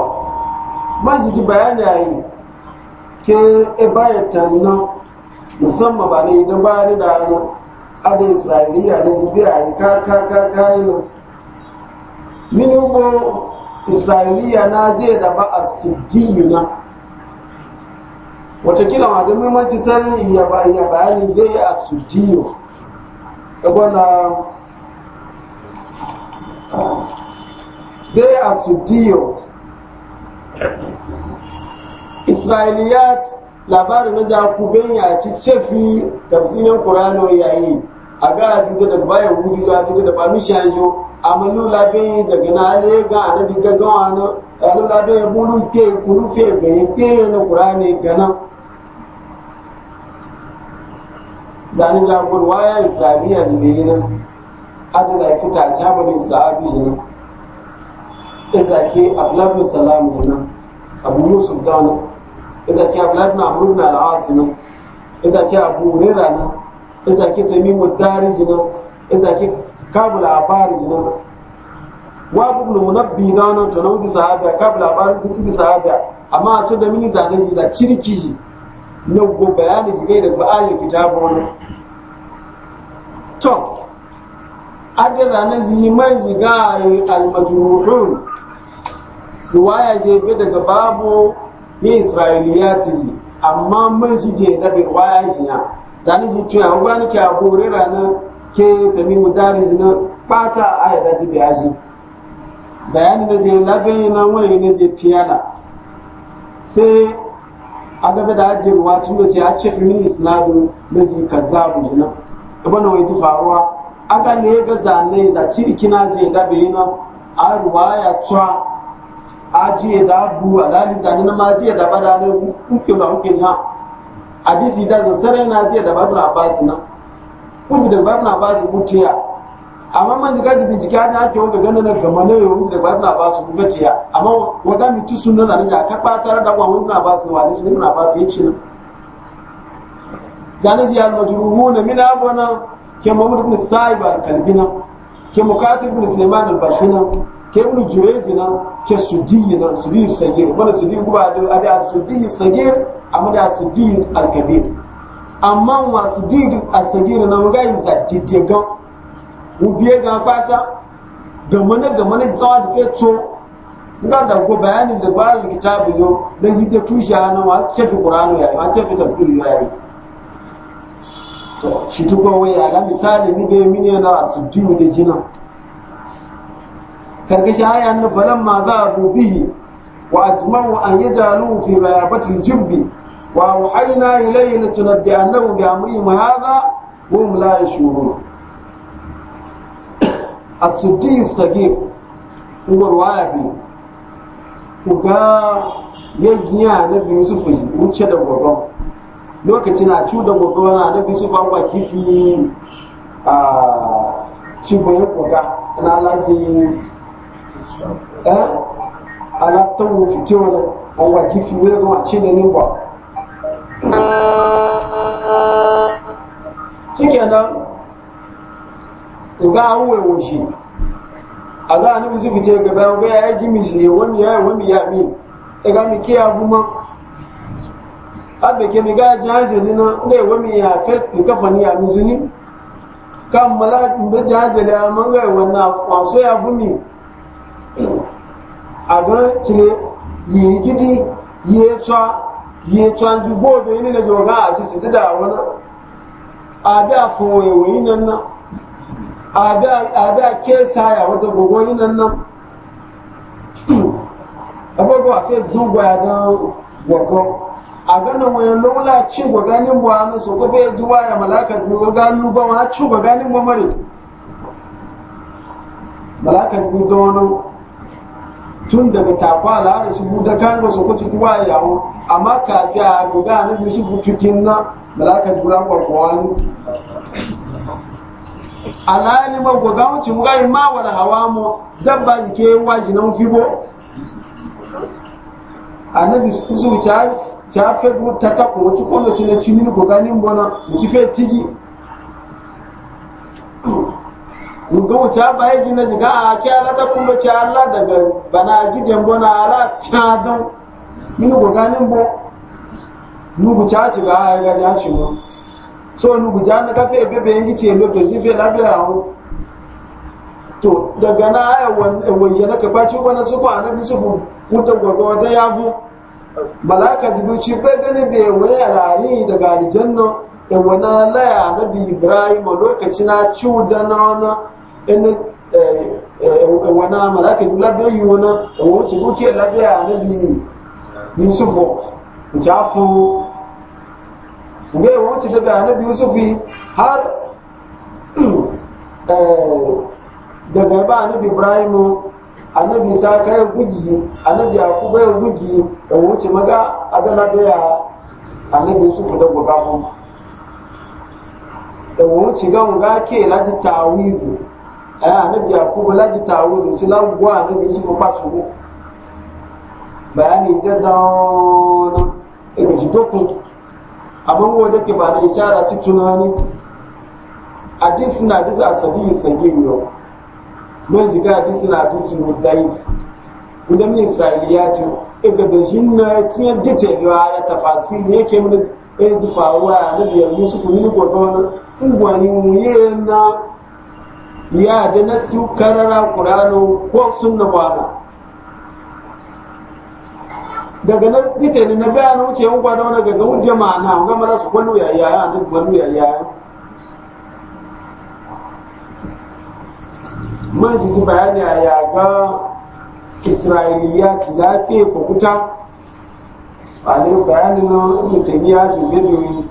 masu ji bayani yayi ke e baya tanna musamman ba ne idan ba ni da nan ada isra'iliya na su biya yi ka ka ka ka yi mini isra'iliya na je da ba a na watakila ma da muhimmanci sani ya bayani zai yi a sudiyo wana zai a sudiyo isra'iliyat labarin na jakubin ya ci cefi tafsirin kurano yayi a ga duka daga bayan hudu ga duka da ba mishanyo amma lula bin daga na ne ga anabi gaggawa na lula ke kuru fe ga yake na kurane ganan zani jagon waya islamiyya jibiri nan ada da kita jabanin sahabi jina izake abdullahi salam jina abu yusuf dana izake abdullahi amr ibn al-as nan izake abu hurairah nan izake tamimu dari jina izake kabu labari jina wa na ibn munabbi dana to nauji sahabi kabu labari zikiti sahabi amma a ce da mini zane ji da ciriki ji na go bayani jigai da ba ahli kitabu wani to adira na zihiman ziga al-majruhun riwaya je bi daga babu ni israiliyati ji amma man shi je da bi riwaya shi ya zani shi tun an gwani ke abore rana ke tamimu daris na bata aya da ji biyaji bayani na zai labin na wani ne zai piyana sai agabe da ajiye ruwa tun da ce a ce mini sinadu na ji kazzabu jina abu na wai faruwa aga ne ga zane za ciriki na je da bai na a ruwa ya tsuwa ajiye da abu a lali zane na ma ajiye da bada na kuke da kuke ja a disi da zan sarai na ajiye da babu na basi na kuji da babu na basi mutiya amma man zika ji bincike ta ke wanda ganin na gama ne yau da ba na ba su kuma ciya amma wata mutu sun nuna na jaka ba tare da kwa wani na ba su wani su na ba su yace nan zanin ziyal majruhuna min abana ke Muhammad ibn Sa'ib al-Kalbina ke Mukatib ibn Sulaiman al-Barkhina ke Ibn Jurayj na ke Sudi na Sudi Sagir wala Sudi kuma da su Sudi Sagir amma da su al-Kabir amma wa Sudi a sagir na ga yi zatti ubiye ga kwata gamane gamana tsawa da fetso nga da ko bayani da ba da kitabu yo da ji da tusha na wa cefi qur'anu ya ma cefi tafsiri ya yi to shi to ko waya la misali ni ga mini na asuddiyu da jina karkashin aya annu falam ma za a bihi wa ajma'u an yajalu fi bayabati jubbi wa auhayna ilayhi litunabbi annahu bi ma hadha wa hum la yashurun السدي الصغير هو الوابي وقا يجيا نبي يوسف وجه ده غوغو lokacin a cu da gobe wani annabi yusuf an baki fi a cigoyin koga na alaji eh alatan wufite wani an baki kuma da ga wuwe woshi a ga ni musu fice ga bayan ga ya gimi shi wani ya wani ya mi e ga mi kiya kuma abbe ke mi ga jaje ni na ga wani ya fer ni kafa ni ya be jaje da man ga na kwaso ya a ga cile yi gidi yi tsa yi tsa ju na joga a ji su da wani a da fo na ada ke saya wata gogoyi nan nan abubuwa fi zugwaya don wako a ganin wani lola ci ga ganin buwa na so kofi ya zuwa ya malaka ga ganu ba ma ci ga ganin ba mare malaka ku ga wani tun daga takwa al'ada su buɗe kan ba su kuci tuwa yawo amma kafi a guga na bisu cikin na malaka tura kwakwa wani alali ma ko gawo ci mugai ma wala hawa mo yi ji ke waji nan fibo annabi su ta ta fe du ta ta ko ci ko no ci ne ci ni ko gani mbona mu ci tigi mu ga wuce ba yi gina jiga a ke ala ta kuma ci ala daga bana gidan bona ala ta don mini ko gani mbo mu ku ci a ci ga ya ci mu so ni kafe ebe be yin gice lo bezi fe labe awo to daga na ewoye na kaba ci su ko anabi su fu wuta ya fu malaka jibu ci bai gani be daga alijanna e ewo na laya anabi ibrahim lokaci na ci na ene e, e, na malaka jibu labe yi anabi yusufu ci da annabi yusuf har daga ba annabi ibrahimu annabi sa kai guji annabi yakubu ya guji da wuce maga adala da ya annabi yusuf da gobe mu da wuce ga mu ga ke lati tawizu eh annabi yakubu lati tawizu ci lan gwa annabi yusuf patu bayani jaddan ebe jidokun abin mu da ke ba da ishara ci tunani hadis na hadis asali sagir yo mun ziga hadis na hadis mu daif inda e mun israiliyati iga da jinna tiya dite ga ya tafasili yake mun e ji faruwa na biyar yusuf mun gobe wani mu yana ya da nasu karara qur'ano ko sunna ba daga na tite ne na bayan wuce yan gwada wani daga wuje ma'ana wani mara su kwallo ya yaya ne kwallo ya yaya man shi ji bayani a yaga isra'iliya ci zafi kukuta a ne bayani na mutane ya juge biyu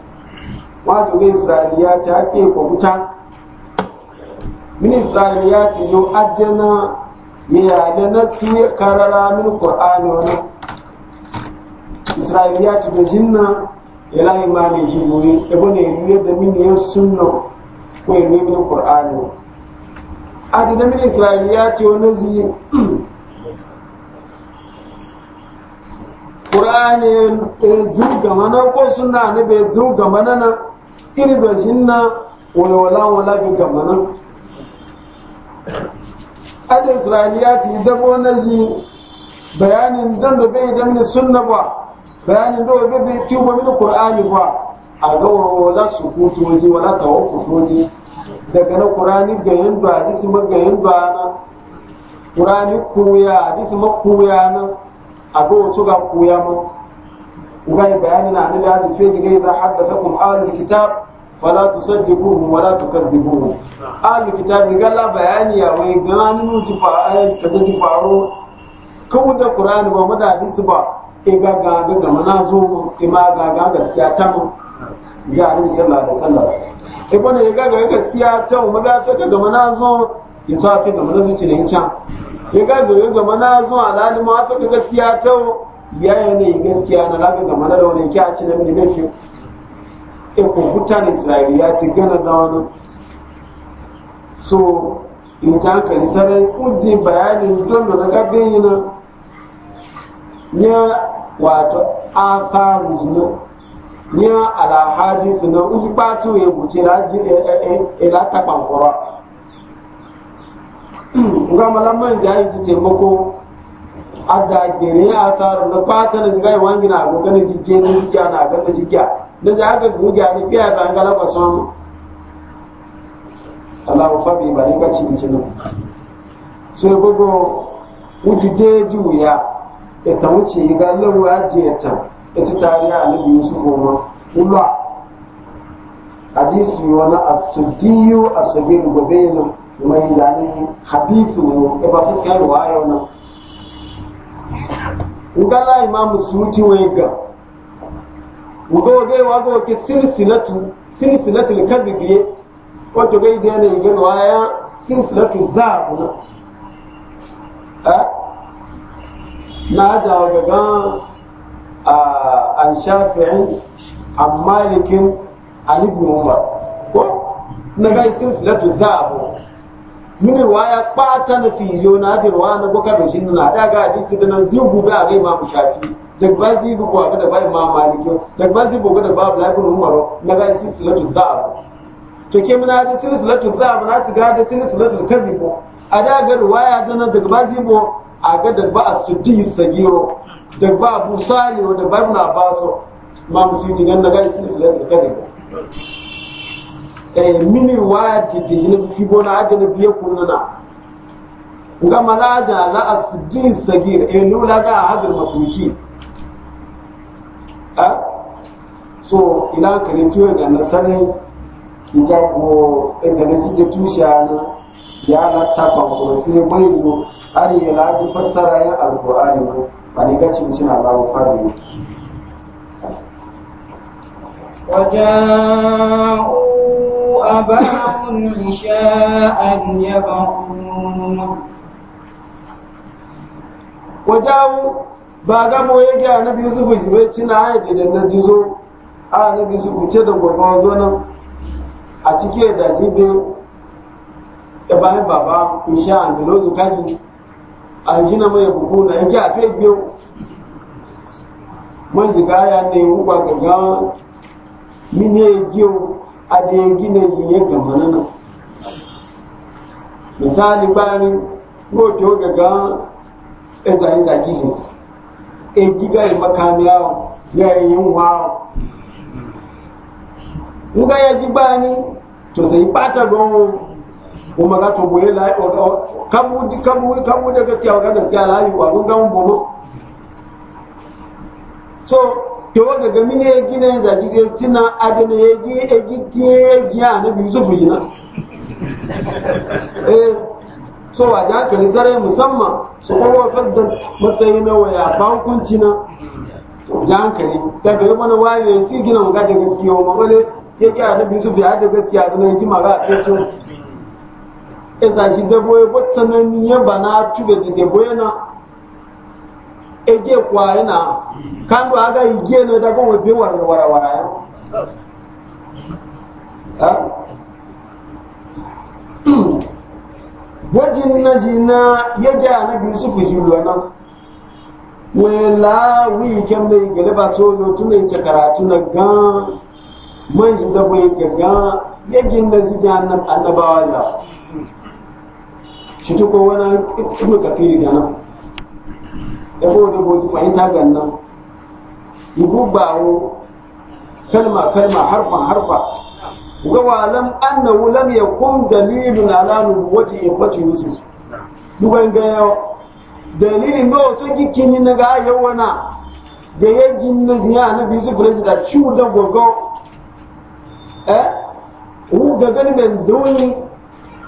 wa juge isra'iliya ci zafi kukuta min isra'iliya ci yau ajiyana ya yada na siya karara min ƙur'ani wani ya ci da jinna ya layi ma ne ji buri ebo ne yi yadda mini yin sunna ko e yi mini qur'ani a da da mini ya ci wani zi qur'ani ya e, e zurga mana ko sunna ne bai zurga mana na iri da jinna wani wala wala bi ga mana a da ci dabo na zi bayanin dan da bai da mini sunna ba bayanin dole wani bai ci mini da qur'ani ba a ga wala sukutu waje wala tawakkuf waje daga na qur'ani ga yin da hadisi ma ga yin ana. na qur'ani kuya hadisi ma kuya na a ga wato ga kuya ma uga bayani na annabi hadin fe diga idza haddathakum ahlul kitab fala tusaddiquhum wala tukadzibuhum ahlul kitab diga la bayani ya wai gananu tufa ayat kaza tufaro kawu da qur'ani ba mu da ba iga gaga ga mana zo mu ima gaga gaskiya ta mu ga ni sallallahu alaihi wasallam e kwana iga gaga gaskiya ta mu ga fe ga mana zo ki ta fe ga mana zuci ne can iga gaga ga mana zo alali mu fe ga gaskiya ta ya ya ne gaskiya na laga ga na da wani a ci ne ne fi e ko hutan ya ti gana da wani so in ta hankali sarai uji bayanin don da na gabe yi ya wato atharu zina ni ala hadith na uji patu e buci la ji e, e, e, e la ta pankora nga malamman jayi ji taimako adda gere atharu na pata na jigai wangi na go kana ji ke ji kya na ga ji kya da za ga guga ni biya ba ngala ba son Allah fa bi ba ni ka ci ni ci no so gogo uji te ji wuya ita wuce ga lawa jeta ita tare a nabi yusuf wa ula hadisi wani asudiyu asudiyu gobe ne mai zane hadisi ne e ba fuskar wayo nan ngala imamu suti ga. ugoge wago ke silsilatu silsilatu likadibiye wato gai da ne ga waya silsilatu za a na daga gaban an shafi'in an malikin ali umar ko na gai silsilatu za'abu min ya ɓata na fijo na da riwaya na bukar da shi na da ga hadisi da nan zai gube a ga mamu shafi da ba zai gobe a gada da ba imam maliki da ba zai gobe da ba abu laifin umaru na za a bu to ke muna da a bu na ci ga da silsilatu kadhibu a da ga riwaya da nan da ba zai gobe A ga da ba a suddi sagiro da ba a ne wadda ba ba su ma musulunci gan daga isi kada ba eh mini wati da jini fi bona aje na biye na ga malaja la sagiro, sagir eh wula ga hadir matuki a so ina kare tuwa ga nasarai ita ko eh, ga na shi ta tusha ne ya na taɓa ba ko fi har yi laji fassara yin alkur'ani ko ba ni gacin cin allahu fari وجاءوا أباهم عشاء يبغون وجاءوا baga mu ya ga annabi Yusuf shi bai cina ayi da nan jizo a annabi Yusuf ce da gwagwa zo nan a cike da da àìsínà mọ́ ìbùkún náà ẹjẹ́ àfẹ́ gbé o mọ́ ìsìnká ayá ní ìwúpa gẹ̀gán mí ní ẹjẹ́ o adé ẹjí ní ìyẹn gàmọ́ náà misali báyìí lóòjó gẹ̀gán ẹ̀sà ẹ̀sà kìí ẹjí gáyìí makami áwọ̀ yẹ̀yìn ń wá áwọ̀ ń gáyà jí báyìí tòsẹ̀ ipá tàgbọ́n wọn mọ̀ ká tó wọlé láì ọ̀gá kamu da gaskiya ga gaskiya alhaji wa kun gan bolo so to wanda ne gina, yin zaki zai tina adana ya gi ya gi tie giya na bi yusuf jina eh so wa ja kani sare musamman su kowa faddan matsayi na waya ba hukunci na ja hankali daga yi mana waye ci gina mu ga da gaskiya wa bale ya gi na biyu zufu ya da gaskiya da na gi ma ga a cikin eza shi debo ebo tsanani ya bana na tuga ji debo ya na ege kwa ya na kando aga ige na daga be wara wara wara ya wajin na ji na ya ga yage anabi yusufu shi lona wela wi wiken dai igele ba to tsoro tuna ita karatu na gan man shi ga ya gan yagin na ji annabawa ya shi ci kowa na ibn kafiri da nan ya kowa da boji fahimta ga nan ibu bawo kalma kalma harfa harfa ga walam annahu lam yakun dalilun ala nubuwati ikwati yusuf dubai ga yawa dalilin ba wata gikini na ga yawana ga ya na ziya na biyu su fulani da ciwo da gwagwa eh hu ga ganin mai doni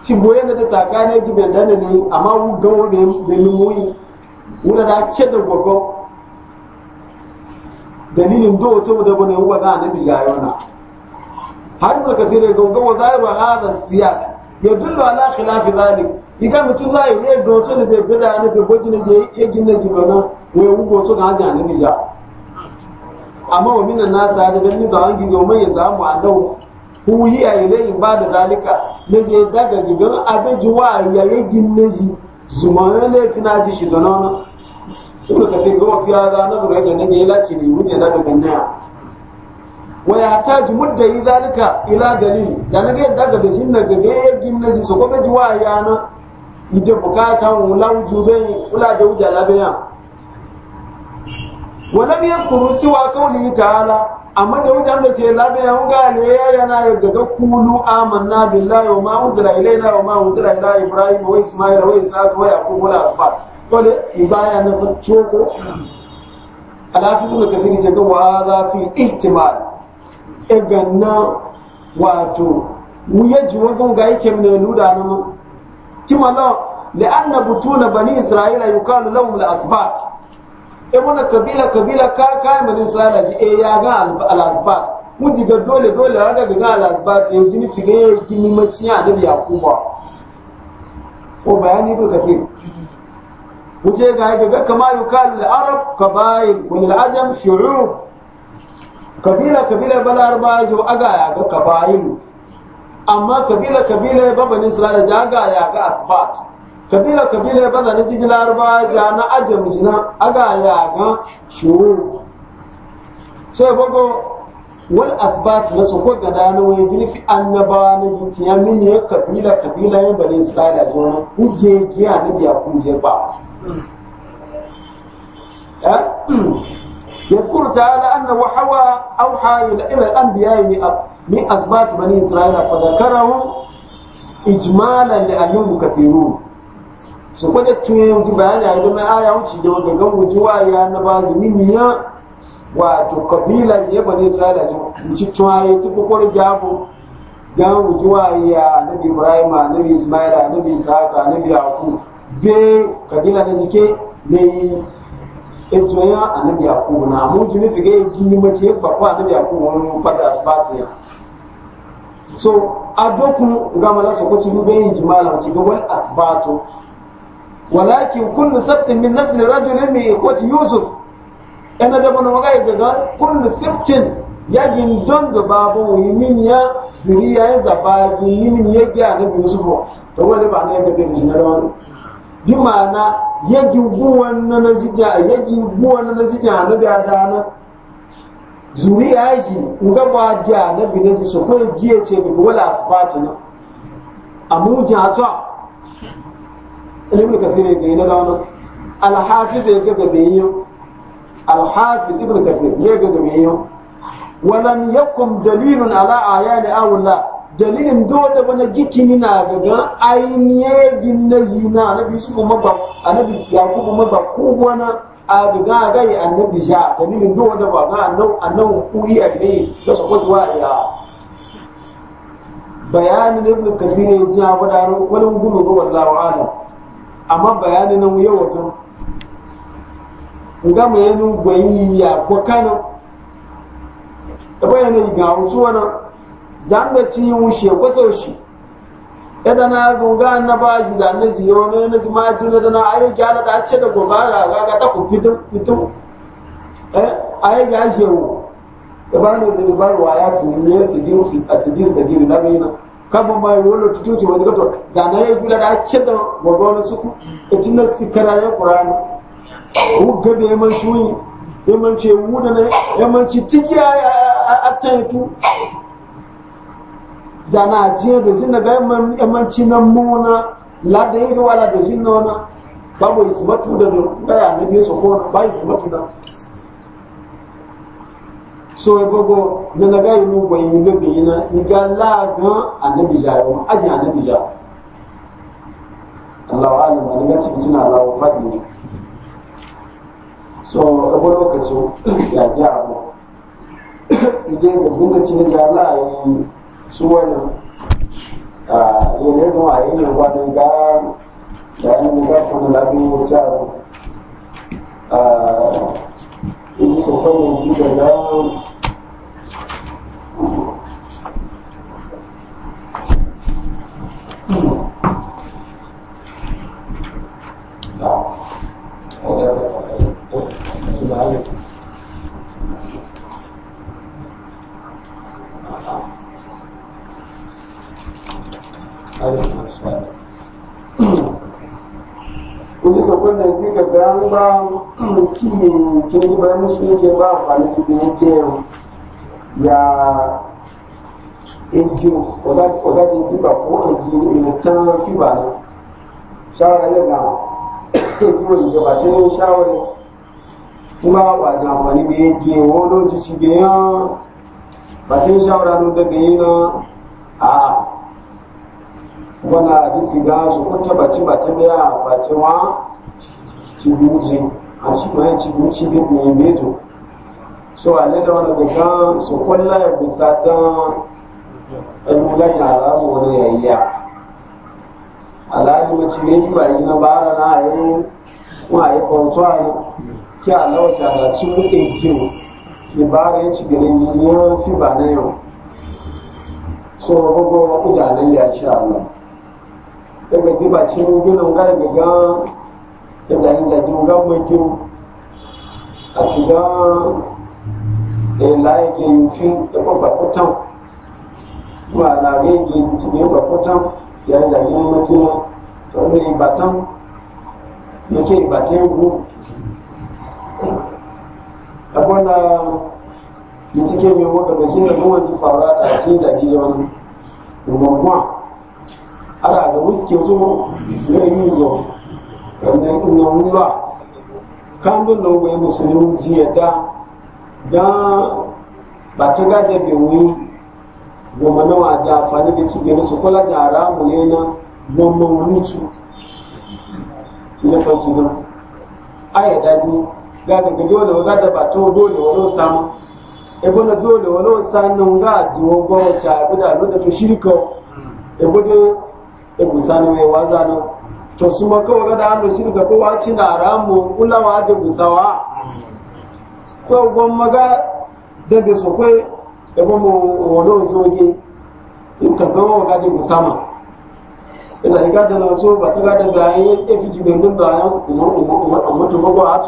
ki boye da tsakanin gibe da ne amma wu gawo da ni muyi wuna da ce da gogo dalilin do to da bane wa da annabi jayona har ibn kathir ya gogo wa zahiru siya ya yadullu ala khilaf dhalik idan mutu zai ne do to ne zai bida ne da goji ne zai gina ji bana wai wu go so ga annabi ja amma wa minan nasa da dan ni zawan gizo mai ya zamu annabi huwiya ilayhi ba da zalika na zai daga gigan abeji wa yayin ginnaji zuma ne fina ji shi zana na ibn kafir goma fiya na nazar yadda ne ya lace ne mun ya daga ganna wa ya hataji mudda yi zalika ila dalil zalika yadda daga da shin ya ga yayin ginnaji so ko beji wa yana ide bukata wula wujube wula da wujala bayan ولم يذكروا سوى قوله تعالى amma da wajen da ce lafiya wuga ne ya yana daga kulu amanna billahi wa ma unzila ilaina wa ma unzila ila ibrahim wa isma'il wa ishaq wa yaqub wa asbat da ibaya na fice ko alafi sun ka sani ga wa za fi ihtimal e ganna wato yaji wagon ga yake mun luda nan kuma li anna butuna bani isra'ila yuqalu lahum al asbat e eh, muna kabila kabila ka kai man israila ji e eh, ya ga al Mun mu ji ga dole dole ha daga ga al asbat e eh, jini fi ga gini maci ya da Kuma ko bayani ko kafir mu ce ga ga kama yukal al arab kabail wal ajam shu'ub kabila kabila balarba jo aga ya ga kabail amma kabila kabila babanin israila ja ga ya ga asbat kabila kabila ya bada na jiji laraba ya na ajam jina aga ya ga shuru so ya bago wal asbat na su ko gada na wani gilfi annaba na jiti ya mini ya kabila kabila ya bani isra'ila jona kuje giya na biya kuje ba يذكر تعالى أن وحوى أوحى إلى الأنبياء من أسبات بني إسرائيل فذكرهم إجمالا لأنهم كثيرون su kwada tuye mutu bayani a domin aya wuce da wanda gan wujuwa ya na ba zu miniya wato kabila ya bane sala zu wuce tuwaye ti kokoro gyabu gan wujuwa ya nabi ibrahim nabi ismaila nabi isaka nabi yaku be kabila na jike ne ejoya anabi Aku na mu jini fige gini mace ba ko anabi Aku wani fada asibati ya so adokun gamala sokoci dubbe ijmala ci ga wal asbatu walakin kullu sabtin min nasl rajulin min ikwati yusuf ina da bana magai daga kullu sabtin yagin don da babu yimin ya siriya ya zaba yimin ya ga na yusuf to wani ba ne ga bin shi na rawan bi ma'ana yagi buwan na nazija yagi buwan na nazija na ga dana zuriya shi ga ba da na bin shi so ko jiye ce ga wala asbatina amuja ta ibn kafir ya gaina da wannan alhafiz ya ga bai alhafiz ibn kathir ya ga bai yi walam yakum dalilun ala ayani awla dalilin dole wani gikini na daga ainihin ginna zina annabi yusufu maba annabi yakubu ba ko wani a daga gai annabi sha dalilin dole ba ga annabi kuyi a ne da sakwajuwa ya bayanin ibn kafir ya ji a da wani gudu ga wallahu alam amma bayani nan yawa gan nga mai yanin gwayi ya kwakana da bayanin ga wuce wani zanga ci yin wushe kwasar shi yadda na gunga na ba shi zane shi yau ne na zuma ci na dana ayo gyara da ce da gobara ga ga ta ku fitin fitin eh, ayo ga shewu da ba ne da ba ruwa ya ci ne su gini a na bai na kabo mai wolo tututi wajiga to zana ya gula da ce da wago na suku etina sikara ya qur'ani u gabe yaman shuyi yaman ce wuda ne yaman ci tiki a taitu zana jiya da jinna ga yaman yaman ci nan mona la da yi wala da jinna wana babu isbatu da baya nabi su ko ba isbatu da so ya gogo na na gayi mu bai yi gabe yana iga lagan annabi jayo ajin annabi jayo Allahu alim an ga cikin suna fadi so a bo lokacin ya ga abu idan ga gunga cikin ya la yi su wannan a yana no a yana wani ga da an ga kuma labi mu tsaro إذ سكنوا فيك النار kin ji bayan musulunci ba amfani su da yake yau ya ejo ọ̀gáde bíbà fún èdè ìtàn fíbà ni ṣáwọ́rẹ́ lẹ́gbà èdè ìjọba tí ó ń ṣáwọ́rẹ́ tí máa wà jẹ́ àǹfààní bí èdè ìwọ́n ló ti ṣi bí yán bàtí ń ṣáwọ́rẹ́ ló dẹ́gbẹ̀ yín náà à wọ́n náà àdísì gáà ṣùgbọ́n tẹ́bàtí bàtẹ́bẹ́ àbàtí wọ́n ti bú a ci ma ci mu ci bi mu me to so ale da wani bi kan so kolla ya bi sa dan anu la mu wani yayya ala ni ci ne ba yi na bara na ayi wa ayi ko to ayi ki ala wa ta da ci mu e kiwo ki bara ya ci bi ne ni ya fi ba ne yo so gogo ku da ya sha Allah daga bi ba ci ga ga yi ga mai a a da ke ke fi kuma ezanizagi mugamwekiru atiga elayeke yufi eko bakotam mana genge titibe bakotam yazagini makina tonde ibatam neke ibatengu abona yitike mi woga da shi ne kuma ji fara ta ce zagi da wani rumafuwa ara da wiski wato ne yi zuwa nɔnwura kando nɔnwɛ musulmi diɛ da gan batuga de bi wi goma na wa ja afani bi ti gani su kula da haramu ne na goma wunutu ina sauki nan aya daji gada ga dole wa da bato dole wa samu ebo na dole wa sanu ga ji wo gwa wa cha bi da lo da to shirko ebo de ebo sanu mai wazanu to su maka waga da hannu shi kowa ci na ramu ulama da gusawa so gwan maga da bi so kwai da ba mu wani zoge in ka ga waga da gusama ina da na so ba ta ga da bayan ya fi jibin din bayan mutu mago a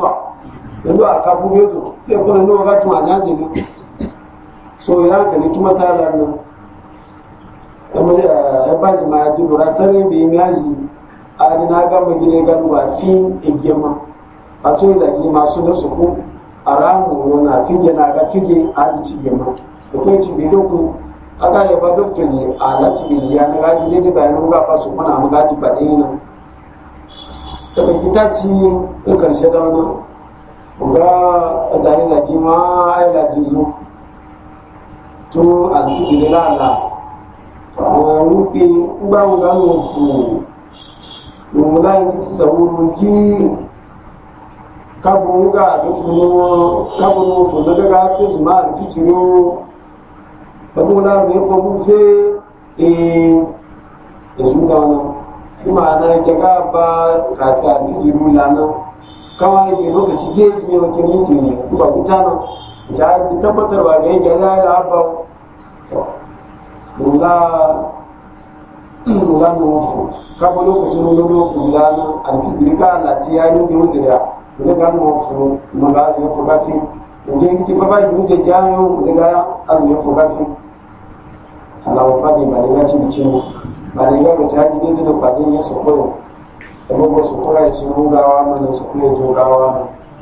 yanzu a kafin meto sai kuna a ne so ya ka ne tuma nan eh, ya ba ji ma ji. ani na gama gine ganuwa fi igiyama a tsoyi da gi masu da su ku a ramu na ga fige a ji ci gima da kai ci aga ku aka ba dokta ne a na gaji daidai bayan mu gaji ba ɗaya nan daga kita ci in karshe da a da a mùmùláyìn ní ti sàwúrú kí kábùnúgà ló fún wọn kábùnú fún lọ́gẹ́gá fèsì máa rí títí ló ẹ̀mùláyìn fọwọ́ fẹ́ èsù dáná ní màá na jẹ́gá bá kàtí àtijọ́ ìlú lánà káwọn ibi lókàtí géèjì ọkẹ́ mítì nígbà kúta náà ìjà ti ne ga yadda ya yi la'abba mu ga mu fu ka bo lokacin mu lodo fu la no al fitri ka la ti ya ni mu sira ne ga mu fu mu ga su fu ba fi nje ki fa ba ju je ja yo mu ga azu fu ba fi ala wa fa bi ba ne ga ci ci mu ba ne ga ta ji de de ya so ko e bo so ya ju ga